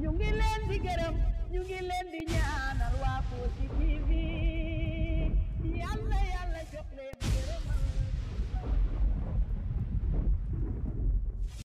ñu ngi leen di gërëm ñu ngi leen di ñaanal waa Kossy TV yàlla yàlla